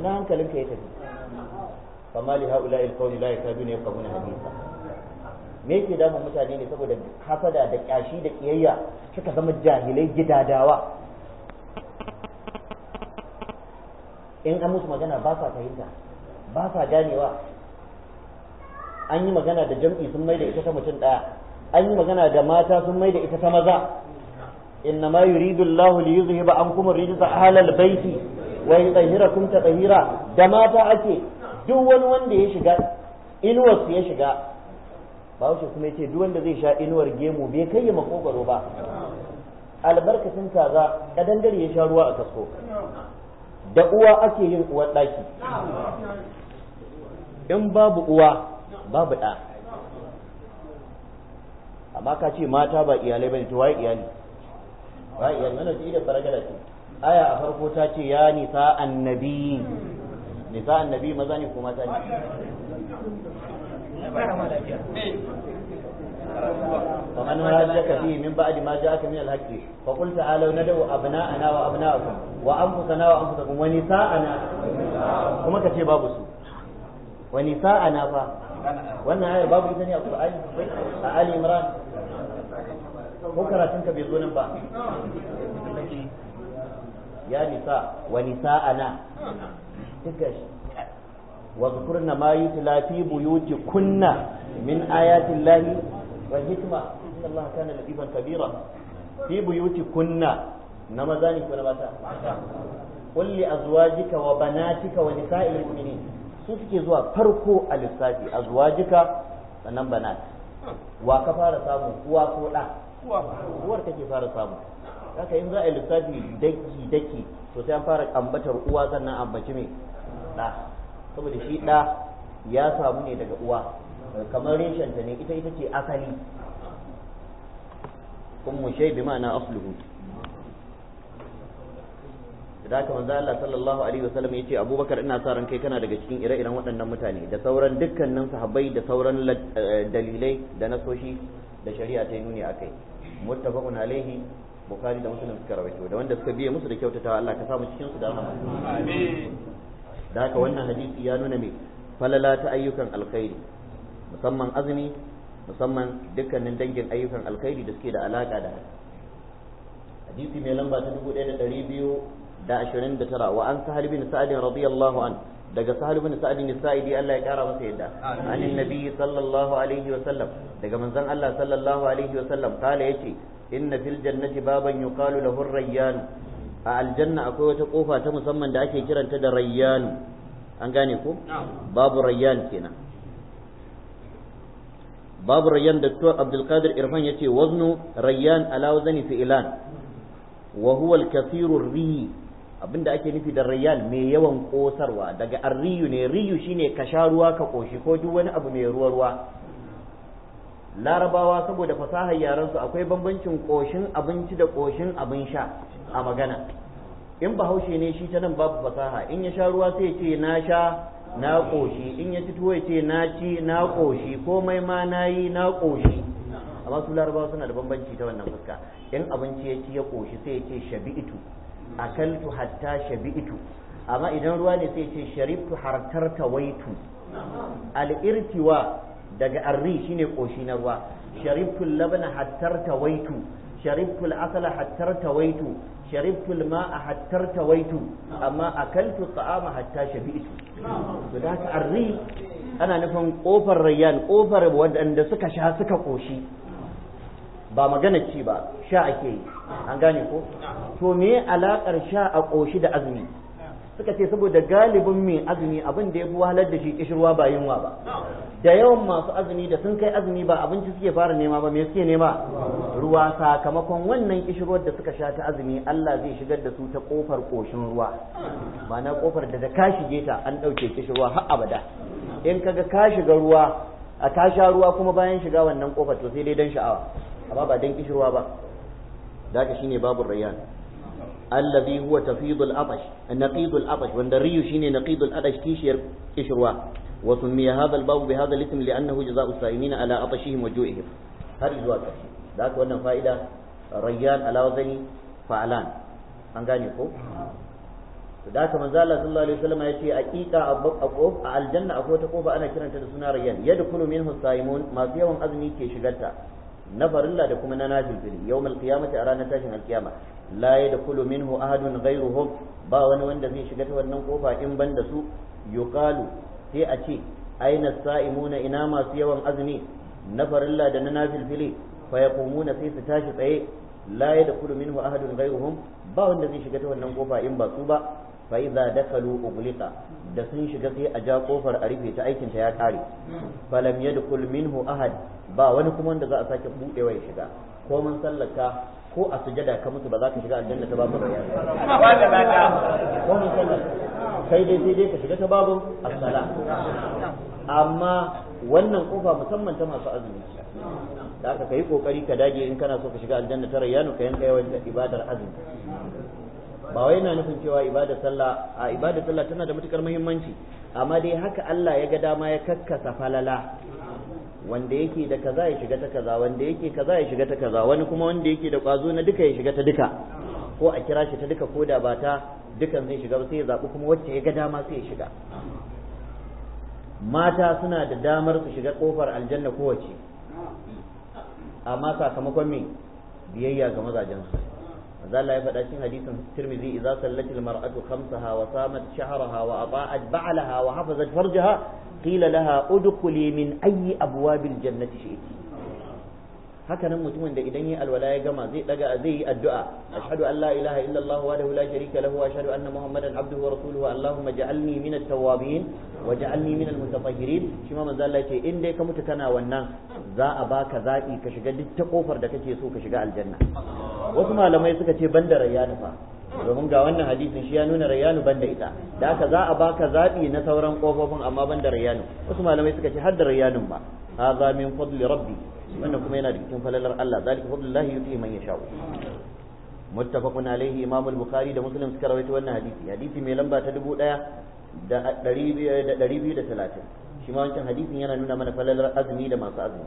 ina hankalinka ya tafi فما لهؤلاء القوم la يكادون يفقهون حديثا me yake damun mutane ne saboda hasada da kyashi da kiyayya suka zama jahilai gidadawa in an musu magana ba sa fahimta ba sa ganewa an yi magana da jam'i sun mai da ita ta mutum ɗaya an yi magana da mata sun mai da ita ta maza inna ma yuridu Allahu li yuzhiba ankum rijsa al-bayti wa yutahhirakum tatahira da mata ake duk wani wanda ya shiga inuwarsu ya shiga wuce kuma yace duk wanda zai sha inuwar gemu bai kai ya makogaro ba albarkacin kaza kadangare ya sha ruwa a kasko da uwa ake yin uwar daki in babu uwa babu ɗa amma ka ce mata ba iyalai bane to waye iyali waye iyali mana ce baragala ce aya a farko ta ce ya nisa annabi nisa annabi maza ne ko mata ne ومن هاجك فيه من بعد ما جاءك من الحق فقل تعالوا ندعو ابناءنا وابناءكم وانفسنا وانفسكم ونساءنا كما كتير بابو سوء ونساءنا فا وانا آية باب إذن يا قرآن آل إمران بكرة تنك بيزون با يا نساء ونساءنا تكش واذكرن ما يتلى في بيوتكن من آيات الله والحكمة إن الله كان لطيفا كبيرا في بيوتكن نما زاني كنا باتا قل لأزواجك وبناتك ونساء المؤمنين su suke zuwa farko a lissafi a zuwa jika banat wa ka fara samu uwa ko ɗa uwar take fara samu haka in za a yi lissafi daki daki to sai an fara ambatar uwa sannan ambaci mai ɗa saboda shi ɗa ya samu ne daga uwa kamar reshenta ne ita ita ce asali ummu shay bi ma'ana asluhu da haka manzo Allah sallallahu alaihi wasallam yace Abubakar ina sa ran kai kana daga cikin ire-iren waɗannan mutane da sauran dukkanin sahabbai da sauran eh, dalilai da nasoshi da shari'a ta nuni akai muttafaqun alaihi bukhari da muslim suka rawaito da wanda suka biye musu da kyautatawa Allah ka samu cikin su da rahama amin da haka wannan hadisi ya nuna mai falala ta ayyukan alkhairi musamman azumi musamman dukkanin dangin ayyukan alkhairi da suke da alaka da hadisi mai lamba ta dubu da da biyu ashirin 1229 wa an sahal bin sa'ad radiyallahu an daga sahal bin sa'ad bin sa'idi Allah ya kara masa yadda anin nabi sallallahu alaihi wa sallam daga manzon Allah sallallahu alaihi wa sallam kala yace inna fil jannati baban yuqalu lahu ar-rayyan a aljanna akwai wata kofa ta musamman da ake kiranta da rayyan an gane ko babu rayyan kenan babu rayyan da to abdulkadir irfan yace waznu rayyan ala wazni fi'lan wa huwa al-kathirur ri abinda ake nufi da rayyan mai yawan kosarwa daga arriyu ne riyu shine ka sha ruwa ka koshi ko duk wani abu mai ruwa ruwa larabawa saboda fasahar yaran su akwai bambancin koshin abinci da koshin abin sha a magana in bahaushe ne shi ta nan babu fasaha in ya sha ruwa sai ya ce na sha na koshi in ya ci tuwo ya ce na ci na koshi komai ma na yi na koshi amma su larabawa suna da bambanci ta wannan fuska in abinci ya ci ya koshi sai ya ce shabi'itu akaltu hatta shabi'itu amma idan ruwa ne sai ya ce sharibtu hartar tawaitu al'irtiwa daga arri shine koshi na ruwa sharibtul labana hattar tawaitu sharibtul asala hattar tawaitu sharibtul ma'a hattar tawaitu amma akaltu ta'ama hatta shabi'tu to da haka arri ana nufin kofar rayyan kofar waɗanda suka sha suka koshi ba magana ci ba sha ake yi an gane ko to me alakar sha a koshi da azumi suka ce saboda galibin mai azumi abin da ya fi wahalar da shi kishirwa ba yunwa ba da yawan masu azumi da sun kai azumi ba abinci suke fara nema ba me suke nema ruwa sakamakon wannan kishirwar da suka sha ta azumi Allah zai shigar da su ta kofar koshin ruwa ma'ana kofar da ta ka shige ta an ɗauke kishirwa har abada in kaga ka shiga ruwa a ta sha ruwa kuma bayan shiga wannan kofar to sai dai dan sha'awa amma ba dan kishirwa ba da haka shine babu rayyan allazi huwa tafidul atash naqidul atash wanda riyu shine naqidul atash kishiyar kishirwa wa sumiya hadha al-babu bi hadha al-ism li'annahu jazaa'u sa'imin ala atashihim wa ju'ihim har zuwa ƙarshe da haka wannan fa'ida rayyan ala wazani fa'alan an gane ko to da haka manzo Allah sallallahu alaihi wasallam yace aqiqa a aljanna akwai ta kofa ana kiranta da suna rayyan yadda minhu sa'imun masu yawan azumi ke shigarta na farilla da kuma na nafil a ranar tashin alkiyama la da minhu ahadun ghayruhum ba wani wanda zai shiga ta wannan kofa in banda su yuqalu sai a ce aina sa'imuna ina masu yawan azumi na farilla da na nafilfili fa yaqumuna sai su tashi tsaye la yadkhulu minhu ahadun ghayruhum ba wanda zai shiga ta wannan kofa in ba su ba fa idza dakalu ughliqa da sun shiga sai a ja kofar a rufe ta aikin ta ya kare fa lam yadkhul minhu ahad ba wani kuma wanda za a sake budewa ya shiga ko mun sallaka ko a sujada ka mutu ba za ka shiga aljanna ta babu bayani sai dai sai dai ka shiga ta babu assala amma wannan kofa musamman ta masu azumi da aka kai kokari ka dage in kana so ka shiga aljanna ta rayyanu ka yanka yawan ibadar azumi ba wai yana nufin cewa ibadar sallah a ibadar sallah tana da matukar muhimmanci amma dai haka Allah ya ga dama ya kakkasa falala wanda yake da kaza ya shiga ta kaza wanda yake kaza ya shiga ta kaza wani kuma wanda yake da kwazo na duka ya shiga ta duka ko a kira shi ta duka ko da ba ta dukan zai shiga ba sai ya zaɓi kuma wacce ya ga dama sai ya shiga mata suna da damar su shiga kofar aljanna kowace amma sakamakon me biyayya ga mazajen su. هذا لا يفعل حديث الترمذي إذا سلت المرأة خمسها وصامت شعرها وأطاعت بعلها وحفظت فرجها قيل لها ادخلي من أي أبواب الجنة شئت haka nan mutumin da idan yi alwala ya gama zai daga zai yi addu'a ashhadu an la ilaha illallah wahdahu la sharika lahu wa ashhadu anna muhammadan abduhu wa rasuluhu allahumma ja'alni min at-tawwabin wa ja'alni min al-mutatahhirin shi ma manzo Allah yace in dai ka mutu kana wannan za a baka zaki ka shiga duk ta kofar da kake so ka shiga aljanna wasu malamai suka ce banda rayyana fa domin ga wannan hadisin shi ya nuna rayyanu ban da ita da haka za a baka zaɓi na sauran ƙofofin amma ban da rayyanu wasu malamai suka ce har da rayyanun ba hadha min fadli rabbi wannan kuma yana da cikin falalar Allah zalika fadlullahi yuti man yasha muttafaqun alaihi imam al-bukhari da muslim suka rawaito wannan hadisi hadisi mai lamba ta 1230 shi ma wancan hadisin yana nuna mana falalar azumi da masu azumi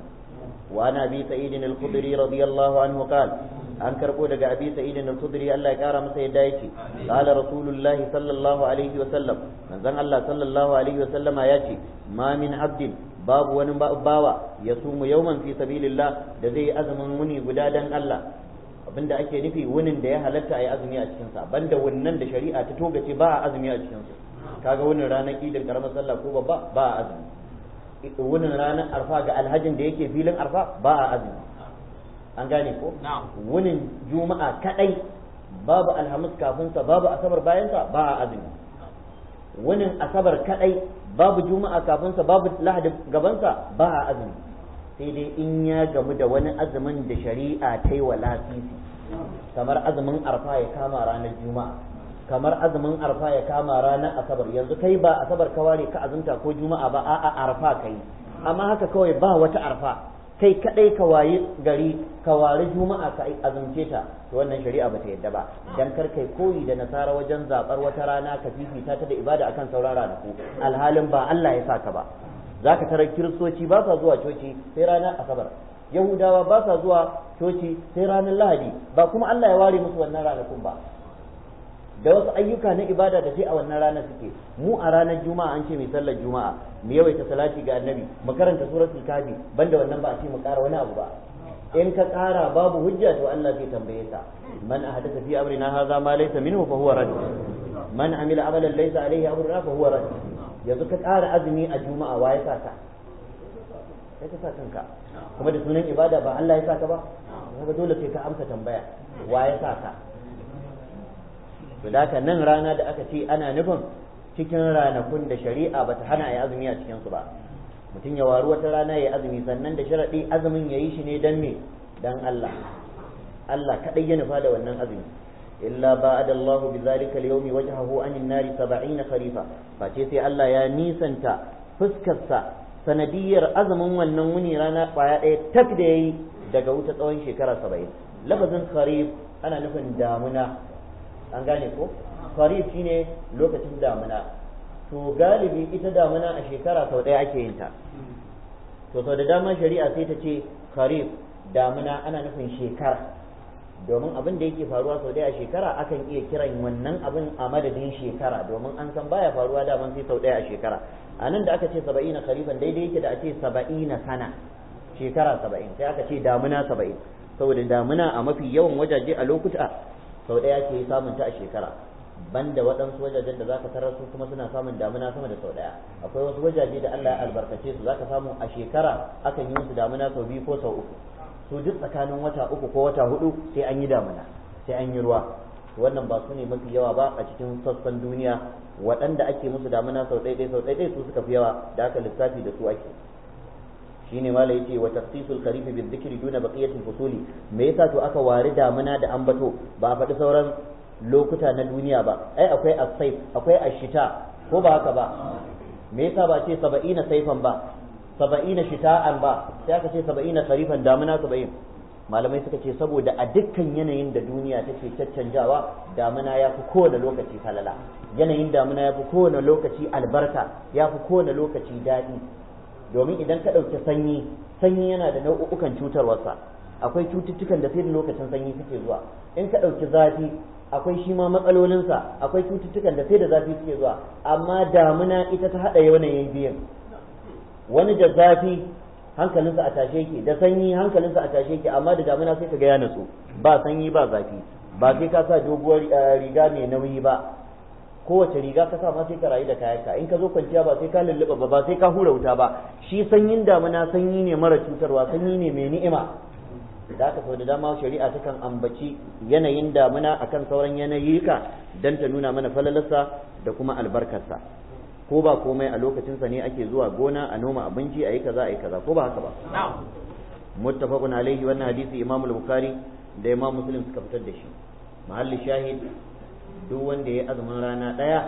wa ana bi sa'id al-khudri radiyallahu anhu qala an karbo daga abi sa'id al-khudri Allah ya kara masa yadda yake qala rasulullahi sallallahu alaihi wa sallam manzon Allah sallallahu alaihi wa sallama yace ma min abdin babu wani bawa ya sumu yawman fi sabilillah da zai yi azumin wuni guda dan Allah abinda ake nufi wunin da ya halatta a yi azumi a cikin sa banda wannan da shari'a ta togace ba a azumi a cikin sa kaga wunin ranar idin karamar sallah ko babba ba a azumi wunin ranar arfa ga alhajin da yake filin arfa ba a azumi an gane ko wunin juma'a kadai babu alhamis kafin sa babu asabar bayan sa ba a azumi wunin asabar kadai babu juma'a kafin sa babu lahadin gabansa ba a azumi sai dai in ya gamu da wani azumin da shari'a ta yi wa lasisi kamar azumin arfa ya kama ranar juma'a kamar azumin arfa ya kama ranar asabar yanzu kai ba asabar ka ware ka azumta ko juma'a ba a arfa kai amma haka kawai ba wata arfa kai kadai ka wayi gari ka wari juma'a ka azumce ta to wannan shari'a ba ta yadda ba dan kar kai koyi da nasara wajen zabar wata rana ka fifita ta da ibada akan sauran ranaku alhalin ba Allah ya saka ba zaka tarar kiristoci ba sa zuwa coci sai ranar asabar yahudawa ba sa zuwa coci sai ranar lahadi ba kuma Allah ya ware musu wannan ranakun ba da wasu ayyuka na ibada da sai a wannan rana suke mu a ranar juma'a an ce mai sallar juma'a mu yawaita salati ga annabi mu karanta suratul kafi banda wannan ba a ce mu ƙara wani abu ba in ka ƙara babu hujja to Allah zai tambaye ka man ahdatha fi amrina hadha ma laysa minhu fa huwa rad man amila amalan laysa alayhi amruna fa huwa rad yanzu ka ƙara azumi a juma'a wa ya saka sai ka sa kanka kuma da sunan ibada ba Allah ya saka ba kuma dole sai ka amsa tambaya wa ya saka to nan rana da aka ce ana nufin cikin ranakun da shari'a bata hana a yi azumi a cikin su ba mutum ya waru wata rana ya yi azumi sannan da sharaɗi azumin ya yi shi ne dan me dan Allah Allah kaɗai ya nufa da wannan azumi illa ba'ada Allahu bi zalika al-yawmi wajhahu anin nari 70 kharifa ce sai Allah ya nisanta fuskarsa sanadiyar azumin wannan wuni rana kwaya ɗaya tak da yayi daga wuta tsawon shekara 70 lafazin kharif ana nufin damuna an gane ko kharif shine lokacin damuna to galibi ita damuna a shekara sau ɗaya ake yin ta to sau da dama shari'a sai ta ce kharif damuna ana nufin shekara domin abin da yake faruwa sau ɗaya a shekara akan iya kiran wannan abin a madadin shekara domin an san baya faruwa daman sai sau ɗaya a shekara a nan da aka ce na kharifan daidai yake da a ce saba'ina sana shekara saba'in sai aka ce damuna saba'in saboda damuna a mafi yawan wajaje a lokuta sau ɗaya ake samun ta a shekara banda waɗansu wajajen da zaka tarar su kuma suna samun damuna sama da sau ɗaya akwai wasu wajaje da Allah ya albarkace su zaka samu a shekara akan yi musu damuna sau biyu ko sau uku su duk tsakanin wata uku ko wata hudu sai an yi damuna sai an yi ruwa wannan ba su ne mafi yawa ba a cikin sassan duniya waɗanda ake musu damuna sau ɗaiɗai sau ɗaiɗai su suka fi yawa da aka lissafi da su ake shine mala yace wa tafsisul kharif bil dhikri duna baqiyatil fusuli me yasa to aka wari damuna da ambato ba a faɗi sauran lokuta na duniya ba ai akwai as akwai ashita shita ko ba haka ba me yasa ba ce 70 saifan ba 70 shita'an ba sai aka ce 70 kharifan damuna 70 malamai suka ce saboda a dukkan yanayin da duniya take caccanjawa damuna ya fi kowane lokaci falala yanayin damuna ya fi kowane lokaci albarka ya fi kowane lokaci daɗi domin idan ka ɗauki sanyi sanyi yana da nau'ukan cutarwarsa akwai cututtukan da sai da lokacin sanyi suke zuwa in ka ɗauki zafi akwai shi ma matsalolinsa akwai cututtukan da sai da zafi suke zuwa amma damuna ita ta haɗa yanayin biyan wani da zafi hankalinsa a tashe ke da sanyi hankalinsa a tashe ke amma da damuna sai ka ga ya natsu ba sanyi ba zafi ba sai ka sa doguwar eh, riga mai nauyi ba kowace riga ka sa ma sai ka rayu da kayanka in ka zo kwanciya ba sai ka lulluɓa ba ba sai ka hura wuta ba shi sanyin damuna sanyi ne mara cutarwa sanyi ne mai ni'ima da aka sau da dama shari'a takan ambaci yanayin damuna akan sauran yanayi yanayika don ta nuna mana falalarsa da kuma albarkarsa ko ba komai a lokacinsa ne ake zuwa gona a noma abinci a yi kaza a yi kaza ko ba haka ba muttafaqun alaihi wannan hadisi imam al-bukhari da imam muslim suka fitar da shi mahalli shahid duk wanda ya azumin rana ɗaya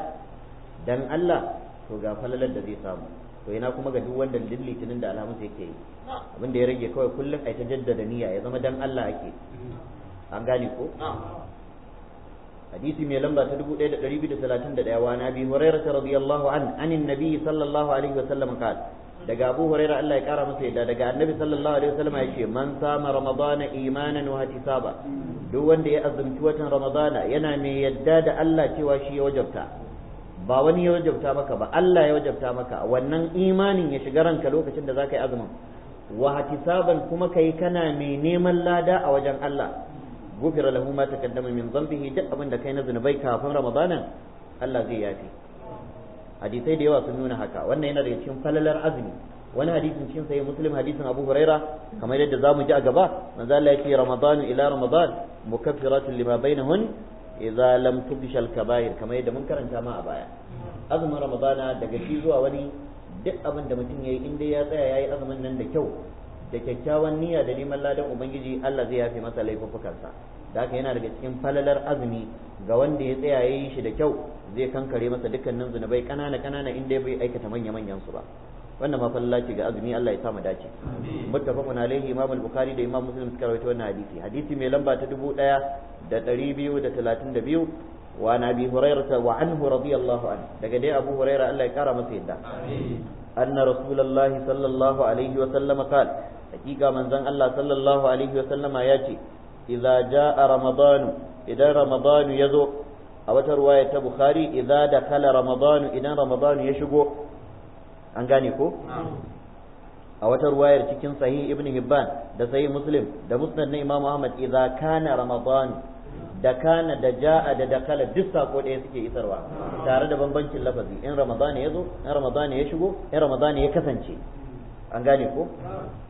dan Allah to ga falalar da zai samu to ina kuma ga duk wanda duk litinin da alhamis yake yi abin da ya rage kawai kullum ai ta jaddada niyya ya zama dan Allah ake an gane ko hadisi mai lamba ta 1231 wa nabi hurairah radiyallahu an anin nabi sallallahu alaihi عن النبي صلى daga Abu Hurairah Allah ya kara masa yadda daga Annabi sallallahu alaihi wasallam ya ce man sama ramadana imanan wa hisaba duk wanda ya azumci watan ramadana yana mai yadda da Allah cewa shi ya wajabta ba wani ya wajabta maka ba Allah ya wajabta maka wannan imanin ya shiga ranka lokacin da zaka yi azumin wa hatisaban kuma kai kana mai neman lada a wajen Allah gufira lahu ma taqaddama min dhanbihi duk abin da kai na zunubai kafin ramadana Allah zai yafi hadisai da yawa sun nuna haka wannan yana daga cikin falalar azumi wani hadisin cikin sahih muslim hadisin abu huraira kamar yadda zamu ji a gaba manzo Allah yake ramadan ila ramadan mukaffiratun lima bainahun idza lam tubsh al kaba'ir kamar yadda mun karanta ma a baya azumin ramadana daga shi zuwa wani duk abin da mutum yayi inda ya tsaya yayi azumin nan da kyau da kyakkyawan niyya da neman ladan ubangiji Allah zai yafe masa laifuffukansa da haka yana daga cikin falalar azumi ga wanda ya tsaya yayi shi da kyau zai kankare masa dukkanin zunubai kanana kanana inda bai aikata manya manyan su ba wannan ma falala ce ga azumi Allah ya sa mu dace muttafaqun alaihi imam al-bukhari da imam muslim suka rawaito wannan hadisi hadisi mai lamba ta 1232 وعن أبي هريرة وعنه daga dai abu لقد allah ya kara يكرم yadda. أن رسول الله صلى الله عليه وسلم قال hakika manzon Allah sallallahu alaihi wa sallama ya ce idza jaa ramadanu idan ramadanu yazo a wata ruwaya ta bukhari idza dakala ramadanu idan ramadanu ya shigo an gane ko a wata ruwayar cikin sahih ibn hibban da sahih muslim da musnad na imam ahmad idza kana ramadan da kana da ja'a da dakala duk sako ɗaya suke isarwa tare da bambancin lafazi in ramadana ya zo in ramadana ya shigo in ramadana ya kasance an gane ko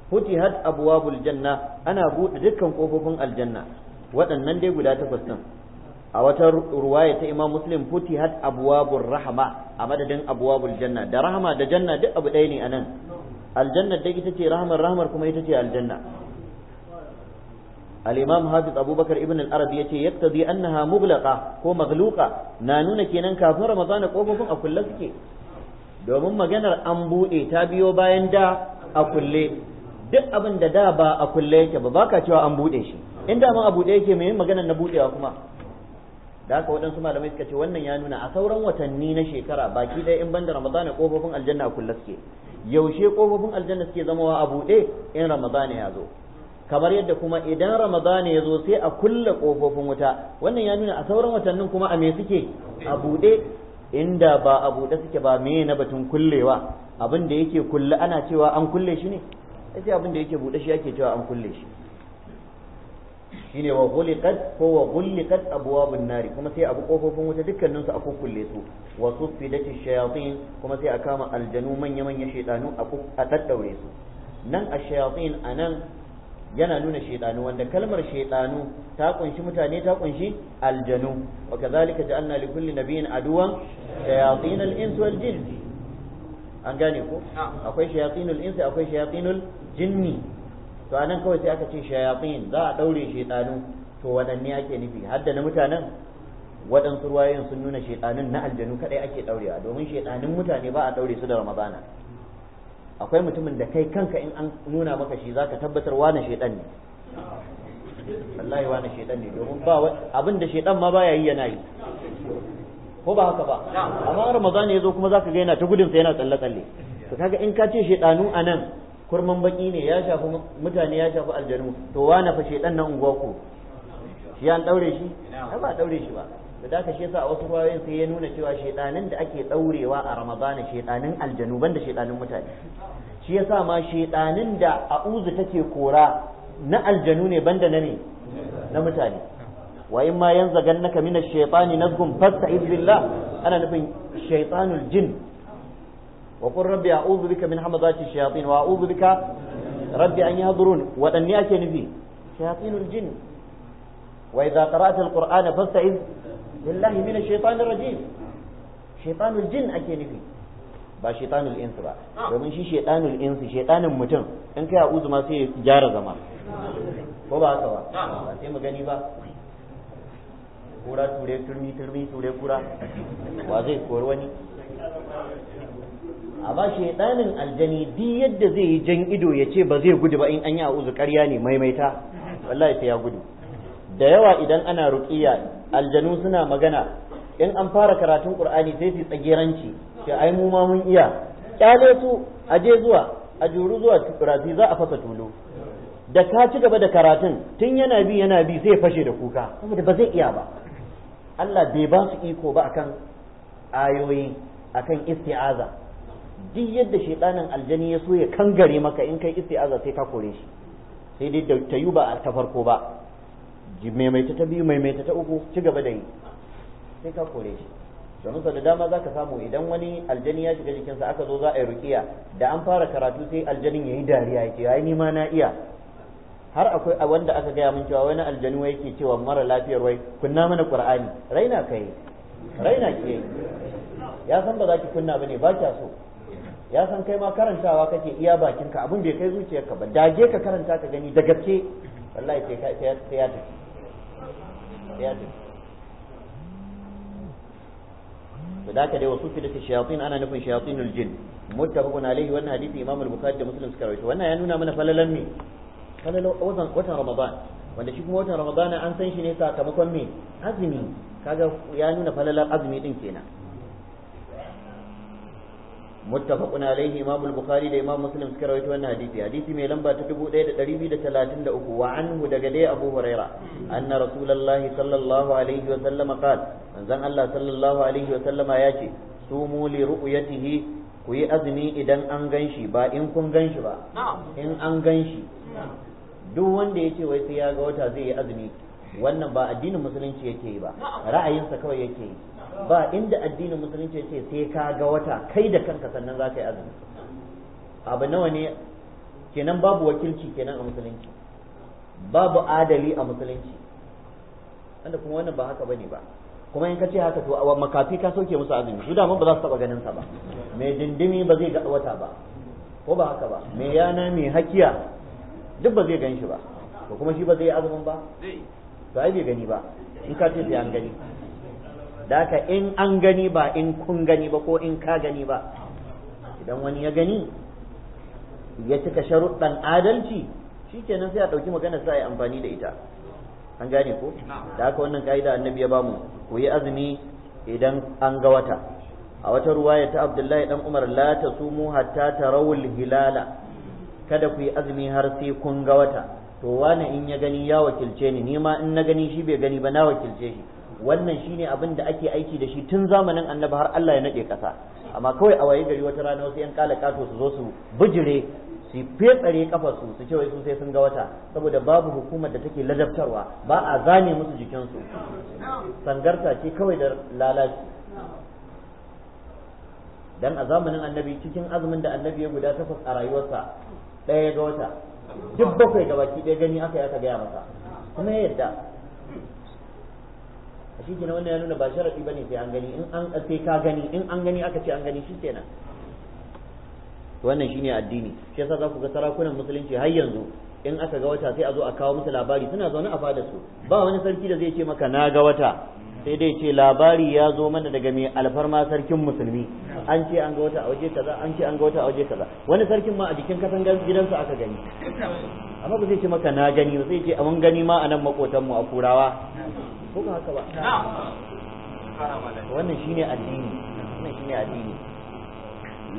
futihat abwabul janna ana bude dukkan kofofin aljanna waɗannan dai guda takwas din a wata ruwaya ta imam muslim futihat abwabur rahma a madadin abwabul janna da rahma da janna duk abu ɗaya ne anan aljanna da ita ce rahmar rahmar kuma ita ce aljanna al-imam hafiz abubakar ibn al-arabi yace yaqtadi annaha mughlaqa ko maghluqa na nuna kenan kafin ramadana kofofin a kulle suke domin maganar an buɗe ta biyo bayan da a kulle duk abin da da ba a kulle yake ba baka cewa an bude shi in da ma a bude yake mai maganar na budewa kuma da haka waɗansu malamai suka ce wannan ya nuna a sauran watanni na shekara baki ɗaya in banda ramadana kofofin aljanna a kulle suke yaushe kofofin aljanna suke zamawa a buɗe in ramadana ya zo kamar yadda kuma idan ramadana ya zo sai a kulle kofofin wuta wannan ya nuna a sauran watannin kuma a me suke a buɗe inda ba a buɗe suke ba me na batun kullewa abin da yake kulle ana cewa an kulle shi ne sai abin da yake buɗe shi ake cewa an kulle shi shine wa ghuliqat ko wa ghuliqat abwabun nari kuma sai abu kofofin wuta dukkanin su a kukkulle su wa sufidatish shayatin kuma sai a kama aljanu manya manya shaytanu a daddaure su nan ash-shayatin anan yana nuna shaytanu wanda kalmar shaytanu ta kunshi mutane ta kunshi aljanu wa kadhalika ja'alna li kulli nabiyyin aduwan shayatin al insu wal jinn an gane ko akwai shayatinul insi akwai shayatinul jinni to anan kawai sai aka ce shayatin za a daure shaytanu to wadanne ake nufi hadda na mutanen waɗansu ruwayoyin sun nuna shaytanun na aljanu kadai ake daurewa domin shaytanun mutane ba a daure su da ramadana akwai mutumin da kai kanka in an nuna maka shi zaka tabbatar wani shaytan ne wallahi wani shaytan ne domin ba abin da shaytan ma baya yi yana yi ko ba haka ba amma ramadan ya zo kuma zaka ga yana ta gudun sa yana tsalle tsalle to kaga in ka ce shedanu anan kurman baki ne ya shafi mutane ya shafi aljanu to na fa shedan nan unguwa ku shi an daure shi ba ba daure shi ba da haka shi yasa a wasu ruwayoyin sai ya nuna cewa shedanin da ake daurewa a ramadan shedanin aljanu banda shedanin mutane shi yasa ma shedanin da a'uzu take kora na aljanu ne banda na ne na mutane wa in ma yanzaganaka min ash-shaytani nazghun fasta'iz billah ana nufin shaytanul jin wa qur rabbi a'udhu bika min hamazati ash-shayatin wa a'udhu bika rabbi an yahdurun wadanne ake nufi shayatinul jin wa idza qara'ta al-qur'ana fasta'iz jin ake nufi ba shaitanul ins ba domin shi shaitanul ins shaitanin mutum in kai a'udhu ma sai gyara zama ko ba haka ba ba sai mu gani ba kura ture turmi turmi ture kura wa zai kori wani a ba shi ɗanin aljani di yadda zai yi jan ido ya ce ba zai gudu ba in an yi a uzu ƙarya ne maimaita wallahi sai ya gudu da yawa idan ana ruƙiya aljanu suna magana in an fara karatun ƙur'ani sai su tsageranci sai ai mu ma mun iya kyale su je zuwa a juru zuwa rafi za a fasa tulu da ka ci gaba da karatun tun yana bi yana bi sai fashe da kuka saboda ba zai iya ba Allah bai ba su iko ba akan ayoyi akan isti'aza duk yadda shaidanin aljani ya so ya kangare maka in kai isti'aza sai ka kore shi sai dai da ta yi ba ta farko ba maimaita ta biyu maimaita ta uku ci gaba da yi sai ka kore shi domin sau da dama za ka samu idan wani aljani ya shiga jikinsa aka zo za a yi rukiya da an fara karatu sai aljanin ya yi dariya ya ce ai ni ma na iya har akwai a wanda aka gaya min cewa wani aljanu yake cewa mara lafiyar wai kunna mana qur'ani raina kai raina ke ya san ba za ki kunna bane ba kya so ya san kai ma karantawa kake iya bakinka abin bai kai zuciyarka ba dage ka karanta ka gani da gaske wallahi sai ka sai ya tafi sai ya tafi to da ka dai wasu fitata shayatin ana nufin shayatinul jin muttafaqun alaihi wannan hadisi imamul bukhari da muslim suka rawaito wannan ya nuna mana falalan ne falalar watan ramadan wanda shi kuma watan ramadana an san shi ne sakamakon me azumi kaga ya nuna falalar azumi din kenan muttafaqun alaihi imam al-bukhari da imam muslim suka rawaito wannan hadisi hadisi mai lamba ta 1233 wa anhu daga dai abu huraira anna rasulullahi sallallahu alaihi wa sallam qala manzon Allah sallallahu alaihi wa sallama yace sumu li ru'yatihi ku yi azumi idan an ganshi ba in kun ganshi ba in an ganshi duk wanda yace wai sai ya ga wata zai yi azumi wannan ba addinin musulunci yake yi ba ra'ayinsa kawai yake yi ba inda addinin musulunci yake sai ka ga wata kai da kanka sannan za ka yi azumi abu nawa ne kenan babu wakilci kenan a musulunci babu adali a musulunci wanda kuma wannan ba haka bane ba kuma in ka ce haka to a makafi ka soke musu azumi su dama ba za su taba ganin sa ba mai dindimi ba zai ga wata ba ko ba haka ba mai yana mai hakiya duk ba zai gan shi ba ko kuma shi ba zai yi azumin ba to ai bai gani ba in ka ce sai an gani da haka in an gani ba in kun gani ba ko in ka gani ba idan wani ya gani ya cika sharuɗan adalci shikenan sai a ɗauki magana sai a yi amfani da ita an gane ko da haka wannan ka'ida annabi ya bamu ku yi azumi idan an ga wata a wata ruwaya ta abdullahi dan umar la ta sumu hatta tarawul hilala kada ku yi azumi har sai kun ga wata to wani in ya gani ya wakilce ni ni ma in na gani shi bai gani ba na wakilce shi wannan shine abin da ake aiki da shi tun zamanin annabi har Allah ya nade kasa amma kawai a waye gari wata rana wasu yan kala kato su zo su bijire su fetsare kafar su su ce wai su sai sun ga wata saboda babu hukumar da take ladabtarwa ba a zane musu jikinsu sangarta ce kawai da lalaci dan a zamanin annabi cikin azumin da annabi ya guda takwas a rayuwarsa ɗaya ga wata duk bakwai ga baki ɗaya gani aka yi aka gaya masa kuma yadda a shi kenan wannan ya nuna ba sharaɗi ba ne sai an gani in an sai ka gani in an gani aka ce an gani shi kenan wannan shine addini shi yasa za ku ga sarakunan musulunci har yanzu in aka ga wata sai a zo a kawo musu labari suna zaune a fadar su ba wani sarki da zai ce maka na ga wata sai dai ce labari ya zo mana daga mai alfarma sarkin musulmi an ce an ga wata a waje kaza an ce an ga wata a waje kaza wani sarkin ma a jikin katangar gidansa aka gani amma ba zai ce maka na gani ba zai ce mun gani ma a nan makotan mu a kurawa ko ba haka ba wannan shine addini wannan shine addini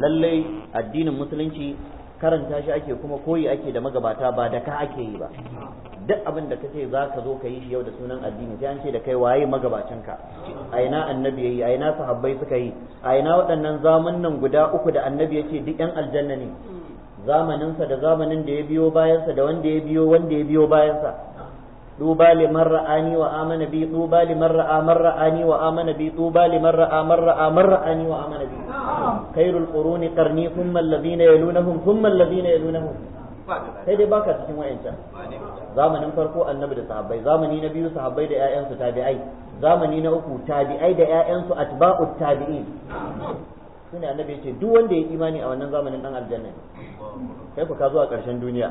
lallai addinin musulunci karanta shi ake kuma koyi ake da magabata ba da ka ake yi ba duk abin da kace za ka zo ka yi shi yau da sunan addini sai an ce da kai waye magabacin ka a ina annabi yayi a ina sahabbai suka yi a ina waɗannan zamannin guda uku da annabi yace duk yan aljanna ne zamaninsa da zamanin da ya biyo bayansa da wanda ya biyo wanda ya biyo bayansa duba liman ra'ani wa amana bi duba liman ra'a man ani wa amana bi duba liman ra'a man ra'a man wa amana bi khairul quruni qarni thumma alladhina yalunahum thumma alladhina yalunahum sai dai baka cikin wayancan zamanin farko annabi da sahabbai zamani na biyu sahabbai da ƴaƴansu tabi'ai zamani na uku tabi'ai da ƴaƴansu atba'u tabi'in shine annabi yace duk wanda ya imani a wannan zamanin dan aljanna kai ku ka a ƙarshen duniya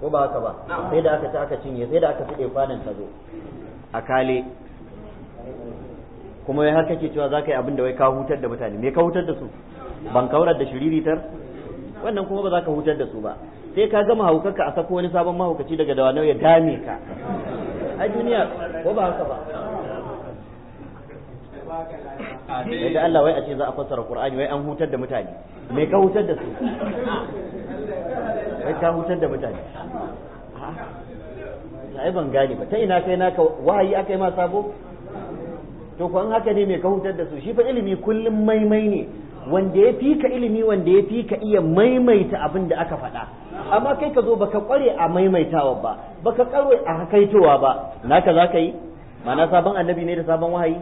ko ba haka ba sai da aka ci aka cinye sai da aka fide kwanan ta zo a kale kuma wai har kake cewa za ka yi abin da wai ka hutar da mutane me ka hutar da su ban kaurar da shiriritar wannan kuma ba za ka hutar da su ba sai ka gama haukarka a sako wani sabon mahaukaci daga dawanau ya dame ka a duniya ko ba haka ba Yadda Allah wai a ce za a fassara Qur'ani wai an hutar da mutane me ka hutar da su wai ka hutar da mutane yi ban gane ba ta ina kai naka wahayi akai ma sabo to an haka ne me ka hutar da su shi fa ilimi kullum maimai ne wanda ya fi ka ilimi wanda ya fi ka iya maimaita abin da aka faɗa amma kai ka zo baka kware a maimaitawa ba baka kware a hakaitowa ba naka za ka yi mana sabon annabi ne da sabon wahayi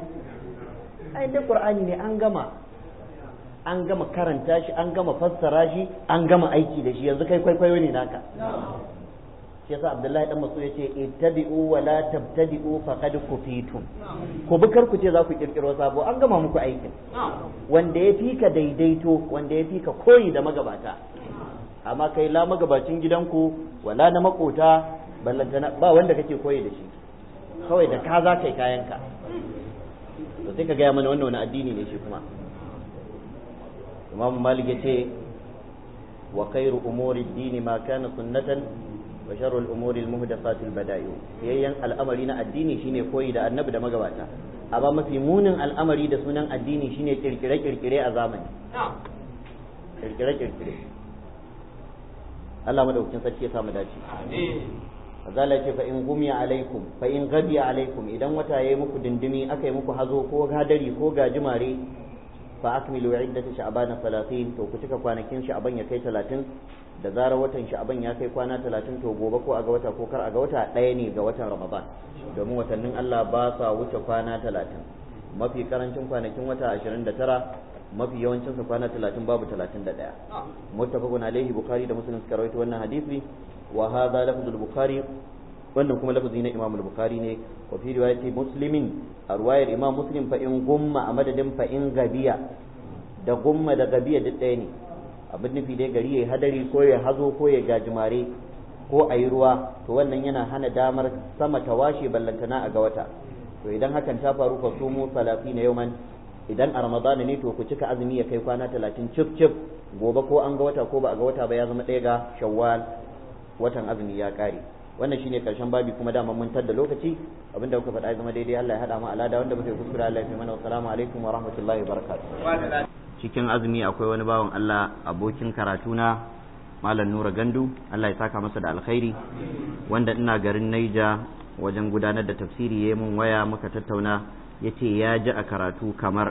ai da qur'ani ne an gama an gama karanta shi an gama fassara shi an gama aiki da shi yanzu kai kwaikwayo ne naka yasa abdullahi dan masu yace ittabi'u wa la tabtadi'u faqad kufitum ko bukar ku ce za ku kirkiro sabo an gama muku aikin wanda ya fika daidaito wanda ya fika koyi da magabata amma kai la magabacin gidanku wala na makota ballantana ba wanda kake koyi da shi kawai da ka za kai kayanka to sai ka gaya mana wannan wani addini ne shi kuma imam malik ya ce wa khairu umuri dini ma kana sunnatan wa sharrul umuri muhdathatil bada'i yayyan al'amari na addini shine koyi da annabi da magabata amma mafi munin al'amari da sunan addini shine kirkire kirkire a zamani kirkire kirkire Allah madaukakin sarki ya sa mu dace amin zala ce fa in gumiya alaikum fa in gabiya alaikum idan wata yayi muku dindimi aka muku hazo ko gadari ko gajimare fa akmilu iddati sha'ban 30 to ku cika kwanakin sha'ban ya kai 30 da zarar watan sha'ban ya kai kwana 30 to gobe ko a ga wata ko kar a ga wata ɗaya ne ga watan ramadan domin watannin Allah ba sa wuce kwana 30 mafi karancin kwanakin wata 29 mafi yawancin sa kwana 30 babu 31 muttafaqun alaihi bukhari da muslim suka rawaito wannan hadisi wa hadha lafzul bukhari wannan kuma lafazi na Imam al-Bukhari ne wa fi riwayati muslimin a ruwayar Imam Muslim fa in gumma a madadin fa in gabiya da gumma da gabiya duk ɗaya ne abin nufi dai gari yayi hadari ko ya hazo ko ya gajimare ko ayi ruwa to wannan yana hana damar sama ta washe ballantana a ga wata to idan hakan ta faru fa sumu na yawman idan a ramadana ne to ku cika azumi ya kai kwana talatin cif cif gobe ko an ga wata ko ba a ga wata ba ya zama ɗaya ga shawwal watan azumi ya kare. wannan shine karshen babi kuma da mun tar da lokaci abinda kuka faɗa zama daidai Allah ya hada mu alada wanda muke kuskura Allah ya fi mana assalamu alaikum wa rahmatullahi wa barakatuh cikin azumi akwai wani bawan Allah abokin karatu na Malam Nura Gandu Allah ya saka masa da alkhairi wanda ina garin Naija wajen gudanar da tafsiri ya mun waya muka tattauna ya ce ya ji a karatu kamar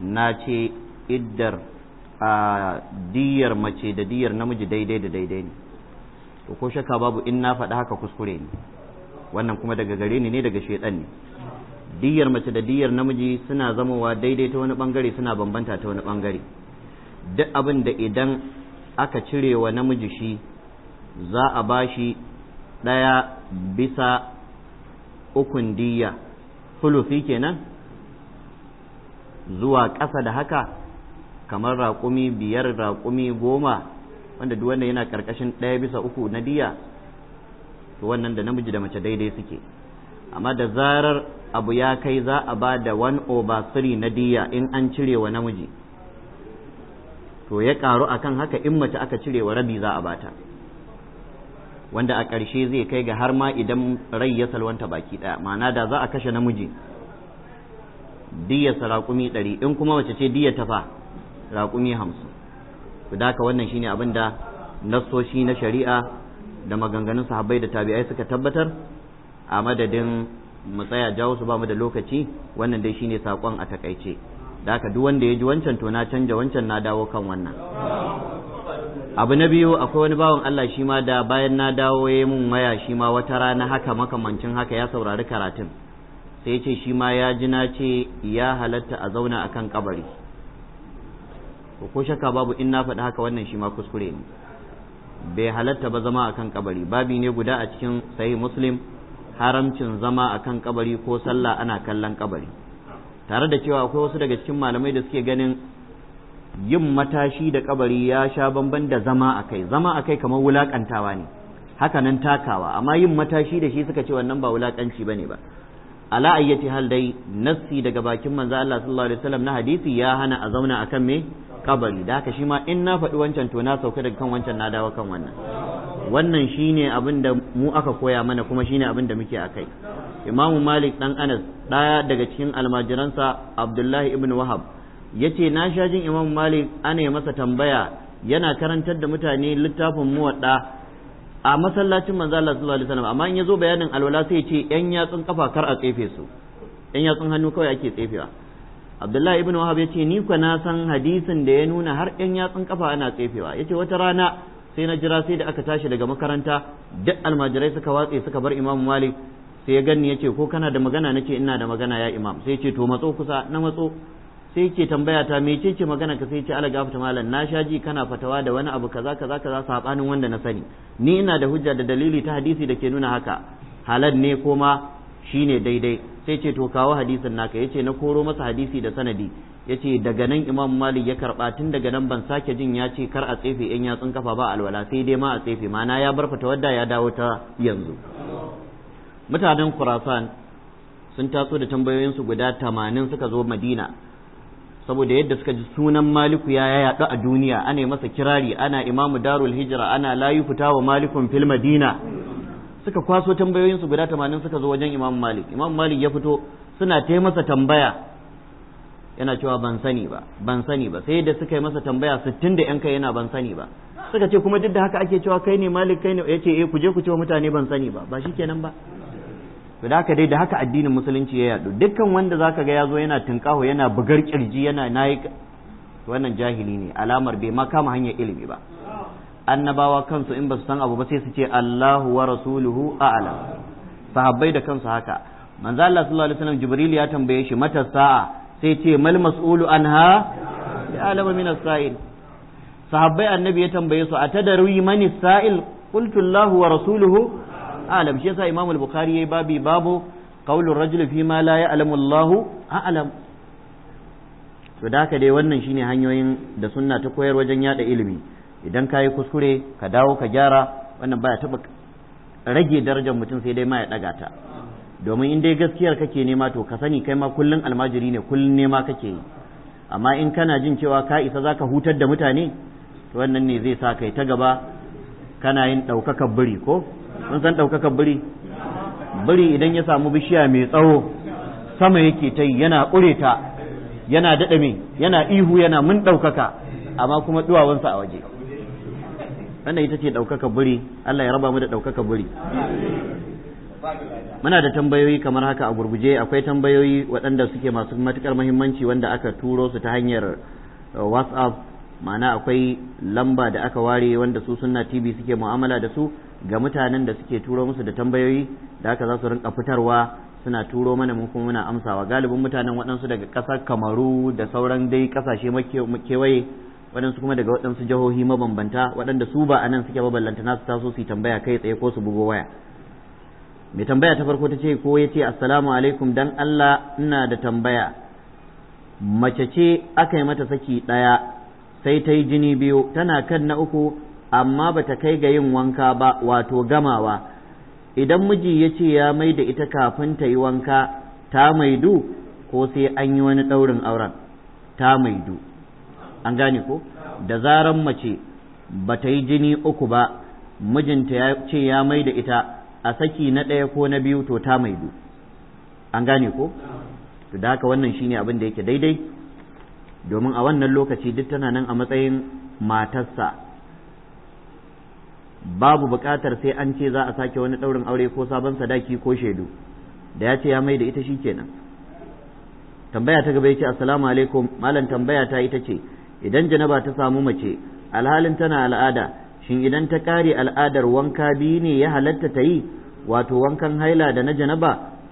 na ce iddar a diyar mace da diyar namiji daidai da daidai ne to ko shakka babu in na faɗa haka kuskure ne wannan kuma daga gare ni ne daga shaidan ne diyar mace da diyar namiji suna zamowa daidai ta wani bangare suna bambanta ta wani bangare duk abin da idan aka cire wa namiji shi za a ba shi ɗaya bisa ukun diyya fulufi kenan zuwa ƙasa da haka kamar raƙumi biyar raƙumi goma wanda duk wanda yana karkashin ɗaya bisa uku na diya to wannan da namiji da mace daidai suke amma da zarar abu ya kai za a ba da 1 over 3 na diya in an cire wa namiji to ya karu akan haka in mace aka cire wa rabi za a bata wanda a ƙarshe zai kai ga har ma idan rai ya salwanta baki ɗaya ma'ana da za a kashe namiji diyar raƙumi ɗari in kuma mace ce diyar tafa raƙumi hamsin da haka wannan shine abin da nassoshi na shari'a da maganganun sahabbai da tabi'ai suka tabbatar a madadin mu tsaya jawo su bamu da lokaci wannan dai shine sakon a takaice da haka duk wanda ya ji wancan to na canja wancan na dawo kan wannan abu na biyu akwai wani bawan Allah shi ma da bayan na dawo ya mun waya shi ma wata rana haka makamancin haka ya saurari karatun sai ce shi ma ya ji na ce ya halatta a zauna akan kabari ko shakka babu in na faɗi haka wannan shi ma kuskure ne bai halatta ba zama akan kabari babi ne guda a cikin sahih muslim haramcin zama akan kabari ko sallah ana kallon kabari tare da cewa akwai wasu daga cikin malamai da suke ganin yin matashi da kabari ya sha bamban da zama akai zama akai kamar wulakantawa ne haka nan takawa amma yin matashi da shi suka ce wannan ba wulakanci bane ba ala ayyati hal dai nassi daga bakin manzo Allah sallallahu alaihi wasallam na hadisi ya hana a zauna akan me kabari da haka shi ma in na faɗi wancan to na sauka daga kan wancan na dawo kan wannan wannan shine abin da mu aka koya mana kuma shine abin da muke akai imamu malik dan anas ɗaya daga cikin almajiransa abdullahi ibn wahab yace na sha jin imamu malik ana masa tambaya yana karantar da mutane littafin muwadda a masallacin manzo Allah sallallahu alaihi wasallam amma in yazo bayanin alwala sai ya ce yan yatsun kafa kar a tsefe su yan yatsun hannu kawai ake tsefewa abdullahi ibn wahab yace ni kwa na san hadisin da ya nuna har yan yatsun kafa ana tsefewa yace wata rana sai na jira sai da aka tashi daga makaranta duk almajirai suka watse suka bar imam malik sai ya ganni yace ko kana da magana nace ina da magana ya imam sai yace to matso kusa na matso sai yake tambaya ta mece ce magana ka sai ce ala gafta malam na shaji kana fatawa da wani abu kaza kaza kaza sabanin wanda na sani ni ina da hujja da dalili ta hadisi da ke nuna haka halal ne ko ma shine daidai sai ce to kawo hadisin naka yace na koro masa hadisi da sanadi yace daga nan imam malik ya karba tun daga nan ban sake jin ya ce kar a tsefe yan yatsun kafa ba alwala sai dai ma a tsefe mana ya bar fata wadda ya dawo ta yanzu mutanen khurasan sun taso da tambayoyin su guda tamanin suka zo madina saboda yadda suka ji sunan maliku ya yaɗu a duniya ana masa kirari ana imamu darul hijira ana layu fita wa malikun fil madina suka kwaso tambayoyinsu guda tamanin suka zo wajen imam malik imam malik ya fito suna ta masa tambaya yana cewa ban sani ba ban sani ba sai da suka yi masa tambaya sittin da yan kai yana ban sani ba suka ce kuma duk da haka ake cewa kai ne malik kai ne ya ce eh ku je ku ce mutane ban sani ba ba shi kenan ba to da haka dai da haka addinin musulunci ya yadu dukkan wanda zaka ga ya zo yana tunkaho yana bugar kirji yana nayi wannan jahili ne alamar bai ma kama hanyar ilimi ba annabawa kansu in ba su san abu ba sai su ce Allahu wa rasuluhu a'lam sahabbai da kansu haka manzo Allah sallallahu alaihi wasallam Jibril ya tambaye shi mata sa'a sai ce mal mas'ulu anha ya alama min as-sa'il sahabbai annabi ya tambaye su atadaru man as-sa'il qultu Allahu wa rasuluhu a'lam shi yasa Imam al-Bukhari yayi babi babu qaulur rajul fi ma la ya'lamu Allahu a'lam to da haka dai wannan shine hanyoyin da sunna ta koyar wajen yada ilimi idan ka yi kuskure ka dawo ka gyara wannan baya taɓa rage darajar mutum sai dai ma ya ɗaga ta domin in dai gaskiyar kake nema to ka sani kai ma kullum almajiri ne kullum nema kake yi amma in kana jin cewa ka isa za ka hutar da mutane to wannan ne zai sa kai ta gaba kana yin ɗaukakar biri ko mun san ɗaukakar biri biri idan ya samu bishiya mai tsawo sama yake ta yi yana ƙure ta yana daɗa mai yana ihu yana mun ɗaukaka amma kuma duwawansa a waje wannan ita ce ɗaukaka buri Allah ya raba mu da ɗaukaka buri muna da tambayoyi kamar haka a gurguje akwai tambayoyi waɗanda suke masu matukar mahimmanci wanda aka turo su ta hanyar uh, whatsapp mana akwai lamba da aka ware wanda su sunna tv suke mu'amala da su ga mutanen da suke turo musu da tambayoyi da aka za su rinka fitarwa suna turo mana mun kuma muna amsawa galibin mutanen waɗansu daga ƙasar kamaru da sauran dai ƙasashe kewaye waɗansu kuma daga waɗansu jihohi mabambanta waɗanda su ba a nan suke maballanta nasu taso su yi tambaya kai tsaye ko su bugo waya mai tambaya ta farko ta ce ko ya ce assalamu alaikum dan Allah ina da tambaya mace ce aka yi mata saki ɗaya sai ta yi jini biyu tana kan na uku amma ba ta kai ga yin wanka ba wato gamawa idan miji ya ce ya mai da ita kafin ta yi wanka ta maidu ko sai an yi wani ɗaurin auren ta maidu an gane ko da zaran mace ba ta yi jini uku ba mijinta ya ce ya mai da ita a saki na ɗaya ko na biyu to ta maidu an gane ko to da haka wannan shine abin da yake daidai domin a wannan lokaci duk tana nan a matsayin matarsa babu buƙatar sai an ce za a sake wani ɗaurin aure ko sabon sadaki ko shaidu da ya ce ya mai da ita kenan tambaya ta gaba ya ce assalamu alaikum malam tambaya ta ita ce idan janaba ta samu mace alhalin tana al'ada shin idan ta kare al'adar wanka biyu ne ya halatta ta yi wato wankan haila da na janaba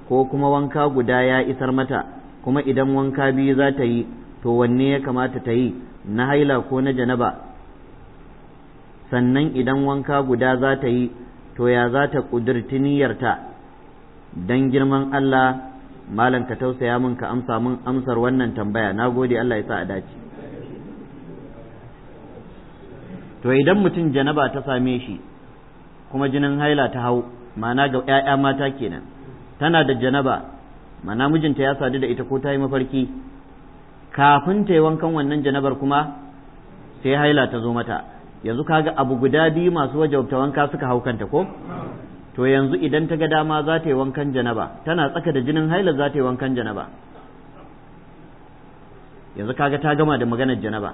ko kuma wanka guda ya isar mata kuma idan wanka biyu za ta yi to wanne ya kamata ta yi na haila ko na janaba sannan idan wanka guda za ta yi to ya za ta ƙudurci niyyarta don girman Allah malam ka tausaya min ka amsa mun amsar wannan tambaya na gode Allah ya sa a dace to idan mutum janaba ta same shi kuma jinin haila ta hau ma'ana ga 'ya'ya mata kenan tana da janaba ma'ana mijinta ya sadu da ita ko ta yi mafarki kafin ta yi wankan wannan janabar kuma sai haila ta zo mata yanzu kaga abu guda biyu masu wajabta wanka suka hau kanta ko to yanzu idan ta ga dama za ta yi wankan janaba tana tsaka da jinin haila za ta yi wankan janaba yanzu kaga ta gama da maganar janaba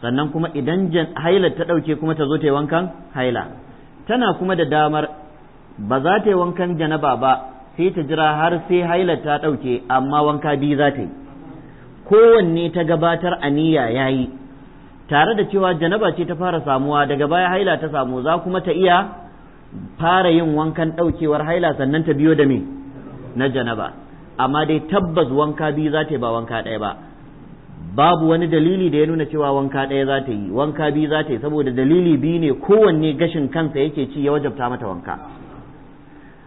sannan kuma idan hailar ta ɗauke kuma ta zo ta yi wankan haila tana kuma da damar ba za ta yi wankan janaba ba sai ta jira har sai hailar ta ɗauke amma wanka biyu za ta yi kowanne ta gabatar aniya ya yi tare da cewa janaba ce ta fara samuwa daga baya haila ta samu za kuma ta iya fara yin wankan ɗaukewar haila sannan ta biyo da me na janaba amma dai tabbas wanka biyu za ta yi ba wanka ɗaya ba babu wani dalili da ya nuna cewa wanka ɗaya za ta yi wanka biyu za ta yi saboda dalili biyu ne kowanne gashin kansa yake ci ya wajabta mata wanka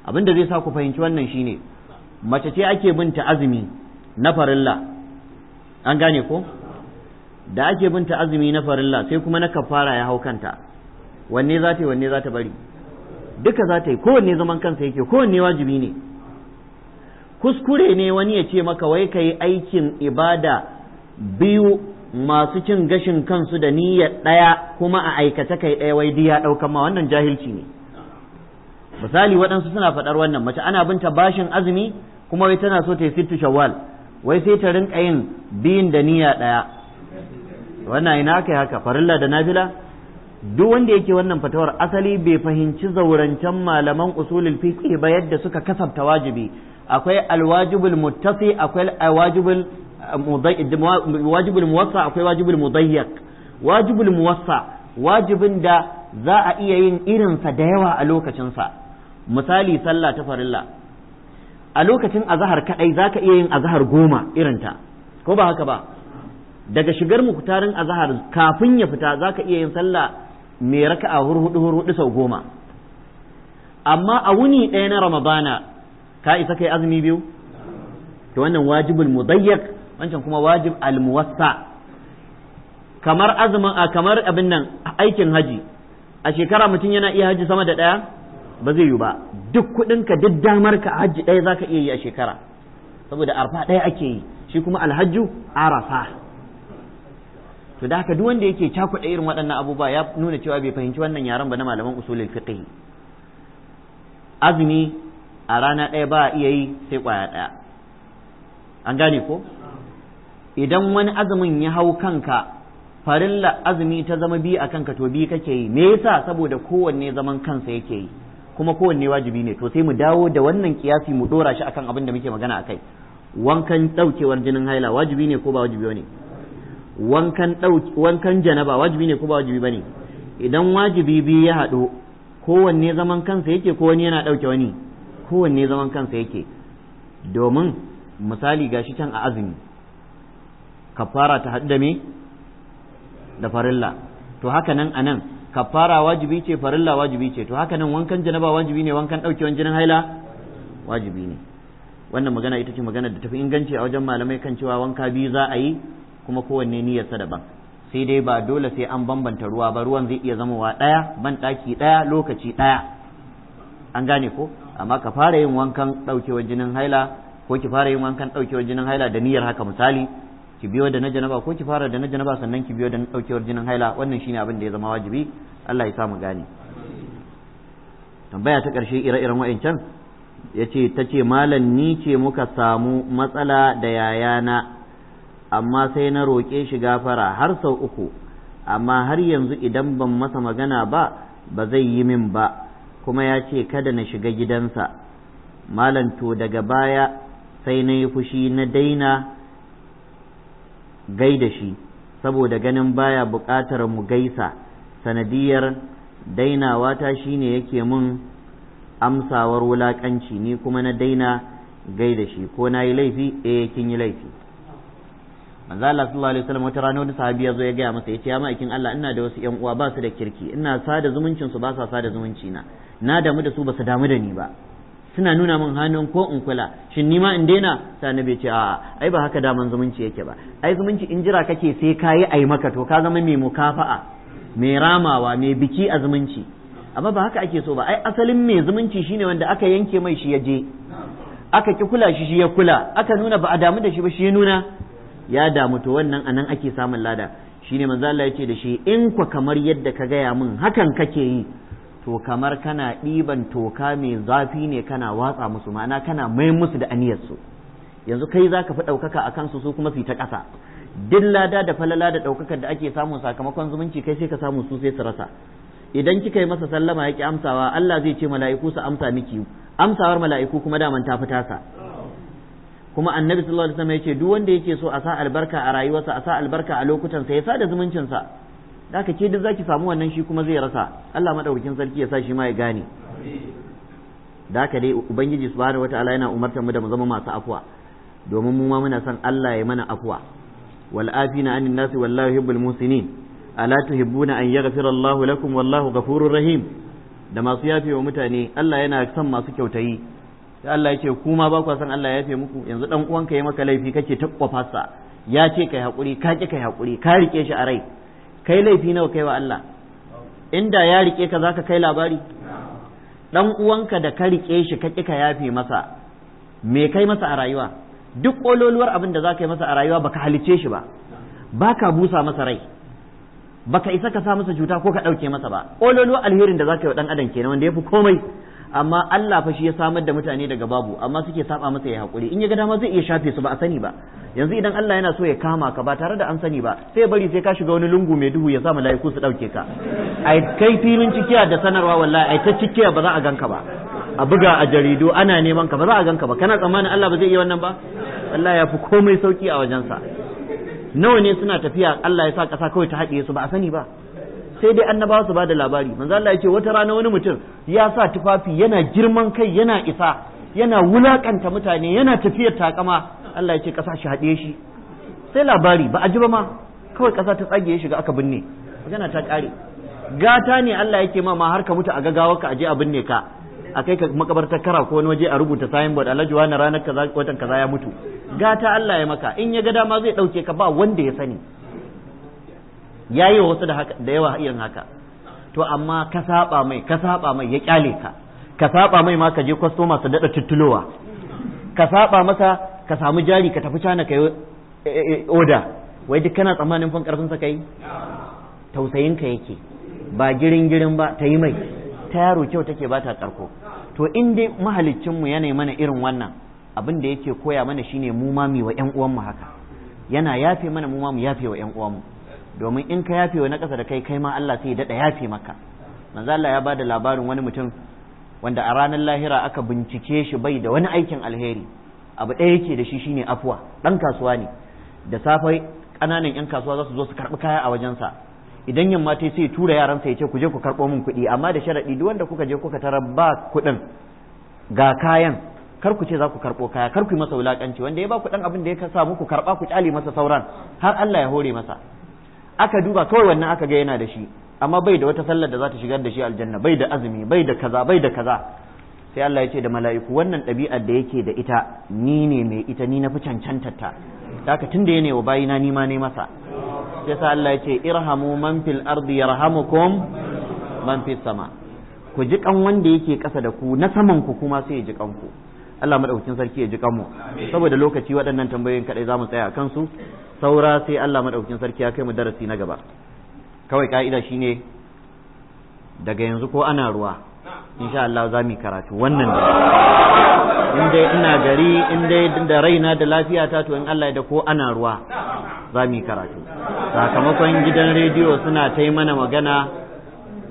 abin da zai sa ku fahimci wannan shine mace ce ake binta azumi na farilla an gane ko da ake binta azumi na farilla sai kuma na kafara ya hau kanta wanne za ta yi wanne za ta bari duka za ta yi kowanne zaman kansa yake kowanne wajibi ne kuskure ne wani ya ce maka wai ka yi aikin ibada biyu masu cin gashin kansu da niyyar ɗaya kuma a aikata kai ɗaya wai diya ɗaukan ma wannan jahilci ne misali waɗansu suna faɗar wannan mace ana binta bashin azumi kuma wai tana so ta yi sittu shawwal wai sai ta rinka yin biyin da niyya ɗaya wannan ina kai haka farilla da nafila duk wanda yake wannan fatawar asali bai fahimci zaurancen malaman usulul fiqh ba yadda suka kasabta wajibi akwai alwajibul muttasi akwai alwajibul wajibul muwassa akwai wajibul mudayyak wajibul muwassa wajibin da za a iya yin irinsa da yawa a lokacinsa misali sallah ta farilla a lokacin azahar kadai zaka iya yin azahar goma irinta ko ba haka ba daga shigar mu kutarin azahar kafin ya fita zaka iya yin sallah mai raka'a hurhudu hurhudu sau goma amma a wuni ɗaya na ramadana ka isa kai azumi biyu to wannan wajibul mudayyak wancan kuma wajib almuwassa kamar azumin a kamar abin nan aikin haji a shekara mutum yana iya haji sama da ɗaya ba zai yi ba duk kuɗinka duk damar ka haji ɗaya za ka iya yi a shekara saboda arfa ɗaya ake yi shi kuma alhajju arafa to da haka duk wanda yake cakuɗa irin waɗannan abubuwa ya nuna cewa bai fahimci wannan yaren ba na malaman usulul fiqh azumi a rana ɗaya ba iya yi sai kwaya ɗaya an gane ko idan wani azumin ya hau kanka farilla azumi ta zama bi a kanka to bi kake yi me yasa saboda kowanne zaman kansa yake yi kuma kowanne wajibi ne to sai mu dawo da wannan kiyasi mu dora shi akan abin da muke magana akai wankan daukewar jinin haila wajibi ne ko ba wajibi ne wankan wankan janaba wajibi ne ko ba wajibi bane idan wajibi biyu ya haɗu kowanne zaman kansa yake ko wani yana ɗauke wani kowanne zaman kansa yake domin misali gashi can a azumi kafara ta haɗu da me da farilla to haka nan anan kafara wajibi ce farilla wajibi ce to haka nan wankan janaba wajibi ne wankan ɗaukewan jinin haila wajibi ne wannan magana ita ce magana da tafi inganci a wajen malamai kan cewa wanka biyu za a yi kuma kowanne niyyarsa daban sai dai ba dole sai an bambanta ruwa ba ruwan zai iya zamowa ɗaya ban ɗaki ɗaya lokaci ɗaya an gane ko amma ka fara yin wankan ɗaukewar jinin haila ko ki fara yin wankan ɗaukewar jinin haila da niyyar haka misali ki biyo da na janaba ko ki fara da na janaba sannan ki biyo da na daukewar jinin haila wannan shine abin da ya zama wajibi Allah ya sa mu gane tambaya ta karshe ire-iren wa'ancan yace tace malam ni ce muka samu matsala da yayana amma sai na roƙe shi gafara har sau uku amma har yanzu idan ban masa magana ba ba zai yi min ba kuma ya ce kada na shiga gidansa malam to daga baya sai na yi fushi na daina gaida shi saboda ganin baya buƙatar mu gaisa sanadiyar dainawa ta shine yake mun amsawar wulaƙanci ni kuma na daina gaida shi ko na yi laifi e kin yi laifi manzo Allah sallallahu alaihi wasallam wata rana wani sahabi ya zo ya gaya masa yace ya ma'aikin Allah ina da wasu ƴan uwa ba su da kirki ina sada zumuncin su ba sa sada zumunci na na damu da su ba su damu da ni ba suna nuna min hannun ko in kula shin nima in daina sai annabi ce a'a ai ba haka daman zumunci yake ba ai zumunci in jira kake sai kayi ai maka to ka zama mai mukafa'a mai ramawa mai biki a zumunci amma ba haka ake so ba ai asalin mai zumunci shine wanda aka yanke mai shi ya je aka ki kula shi shi ya kula aka nuna ba a damu da shi ba shi ya nuna ya damu to wannan anan ake samun lada shine manzo Allah ya da shi in kwa kamar yadda ka gaya mun hakan kake yi to kamar kana ɗiban toka mai zafi ne kana watsa musu ma'ana kana mai musu da aniyarsu yanzu kai za ka fi ɗaukaka a kansu su kuma su ta ƙasa duk lada da falala da ɗaukakar da ake samun sakamakon zumunci kai sai ka samu su sai su rasa idan kika yi masa sallama ya amsawa Allah zai ce mala'iku su amsa miki amsawar mala'iku kuma daman ta fita sa kuma annabi sallallahu alaihi wasallam ya ce duk wanda yake so a sa albarka a rayuwarsa a sa albarka a lokutan sa ya sa da zumuncin sa da ka ce duk zaki samu wannan shi kuma zai rasa Allah madaukakin sarki ya sa shi ma ya gane da haka dai ubangiji subhanahu wataala yana umartar mu da mu zama masu afuwa domin mu ma muna son Allah ya mana afuwa wal afina anin nasi wallahu yuhibbul musinin ala tuhibbuna an yaghfira Allah lakum wallahu ghafurur rahim da masu yafe wa mutane Allah yana son masu kyautayi sai Allah ya ce ku ma ba ku san Allah ya yafe muku yanzu dan uwanka ya maka laifi kake ta kwafasa ya ce kai hakuri ka ki kai hakuri ka rike shi a rai kai laifi nawa kai wa Allah inda ya rike ka zaka kai labari dan uwanka da ka rike shi ka kika yafe masa me kai masa a rayuwa duk kololuwar abin da zaka yi masa a rayuwa baka halice shi ba baka busa masa rai baka isa ka sa masa juta ko ka dauke masa ba kololuwar alherin da zaka yi wa dan adam kenan wanda yafi komai amma Allah fa shi ya samar da mutane daga babu amma suke saba masa ya hakuri in ya ga dama zai iya shafe su ba a sani ba yanzu idan Allah yana so ya kama ka ba tare da an sani ba sai bari sai ka shiga wani lungu mai duhu ya sa mala'iku su dauke ka ai kai filin cikiya da sanarwa wallahi ai ta cikiya ba za a ganka ba a buga a jaridu ana neman ka ba za a ganka ba kana tsammanin Allah ba zai iya wannan ba Allah ya fi komai sauki a wajensa nawa ne suna tafiya Allah ya sa kasa kawai ta haɗe su ba a sani ba sai dai ba su da labari manzo Allah yake wata rana wani mutum ya sa tufafi yana girman kai yana isa yana wulakanta mutane yana tafiyar takama Allah yake kasa shi haɗe shi sai labari ba a ji ba ma kawai kasa ta tsage ya shiga aka binne magana ta ƙare gata ne Allah yake ma ma har ka mutu a gagawa ka aje a binne ka a kai ka makabartar kara ko wani waje a rubuta sayin board alhaji wani ranar kaza watan kaza ya mutu gata Allah ya maka in ya ga dama zai dauke ka ba wanda ya sani ya yi wasu da yawa irin haka to amma ka saba mai ka saba mai ya kyale ka ka saba mai ma ka je kwastoma su daɗa tuttulowa ka saba masa ka samu jari ka tafi cana ka yi e, e, e, oda wai duk kana tsammanin fin karfin sa kai tausayin ka yake ba girin girin ba ta yi mai ta yaro kyau take ba ta karko to in dai mahaliccin mu yana mana irin wannan abin da yake koya mana shine mu ma mi wa ƴan uwan haka yana yafe mana mu ma mu yafe wa ƴan uwan domin in ka yafe wa na ƙasa da kai kai ma Allah sai ya daɗa yafe maka manzo Allah ya bada labarin wani mutum wanda a ranar lahira aka bincike shi bai da wani aikin alheri abu ɗaya yake da shi shine afuwa ɗan kasuwa ne da safe ƙananan 'yan kasuwa za su zo su karɓi kaya a wajensa idan yamma ta sai tura yaransa ya ce ku je ku karɓo min kuɗi amma da sharaɗi duk wanda kuka je kuka tara ba kuɗin ga kayan kar ku ce za ku karɓo kaya kar ku yi masa wulaƙanci wanda ya ba ku ɗan abin da ya samu ku karɓa ku ƙyale masa sauran har Allah ya hore masa aka duba kawai wannan aka ga yana da shi amma bai da wata sallar da za ta shigar da shi aljanna bai da azumi bai da kaza bai da kaza sai Allah ya ce da mala'iku wannan ɗabi'ar da yake da ita ni ne mai ita ni na fi cancantar ta haka tunda yana wa bayina ni ma ne masa sai sa Allah ya ce irhamu man fil ardi yarhamukum man fis sama ku ji kan wanda yake kasa da ku na saman ku kuma sai ya ji kan ku Allah madaukakin sarki ya ji kan mu saboda lokaci waɗannan tambayoyin kadai mu tsaya a kansu saura sai Allah maɗaukin sarki ya kai mu darasi na gaba kawai ka'ida shine daga yanzu ko ana ruwa insha Allah za mu karatu wannan da in dai ina gari in dai da raina da lafiyata to in Allah ya da ko ana ruwa za mu karatu sakamakon gidan rediyo suna ta mana magana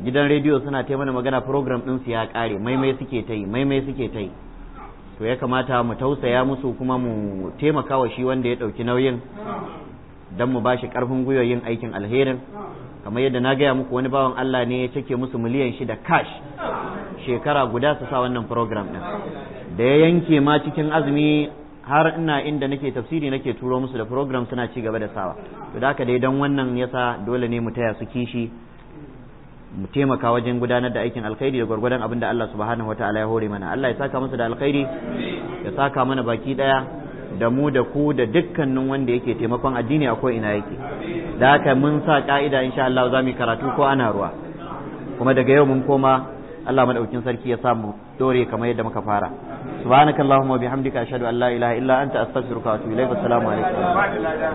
gidan rediyo suna ta mana magana program ɗinsu ya ƙare maimai suke ta yi mai suke ta yi to ya kamata mu tausaya musu kuma mu taimaka wa shi wanda ya ɗauki nauyin don mu bashi karfin gwiwa yin aikin alherin kamar yadda na gaya muku wani bawan Allah ne ya cike musu miliyan shida cash shekara guda su sa wannan program din da ya yanke ma cikin azumi har ina inda nake tafsiri nake turo musu da program suna ci gaba da sawa to da haka dai dan wannan yasa dole ne mu taya su kishi mu taimaka wajen gudanar da aikin alkhairi da gwargwadon abin da Allah subhanahu wataala ya hore mana Allah ya saka musu da alkhairi ya saka mana baki daya da mu da ku da dukkanin wanda yake taimakon addini a ina yake da haka mun sa ka'ida insha Allah za mu karatu ko ana ruwa kuma daga yau mun koma Allah madaukin sarki ya samu dore kamar yadda muka fara subhanakallahumma wa bihamdika ashhadu an la ilaha illa anta astaghfiruka wa atubu ilaik assalamu alaikum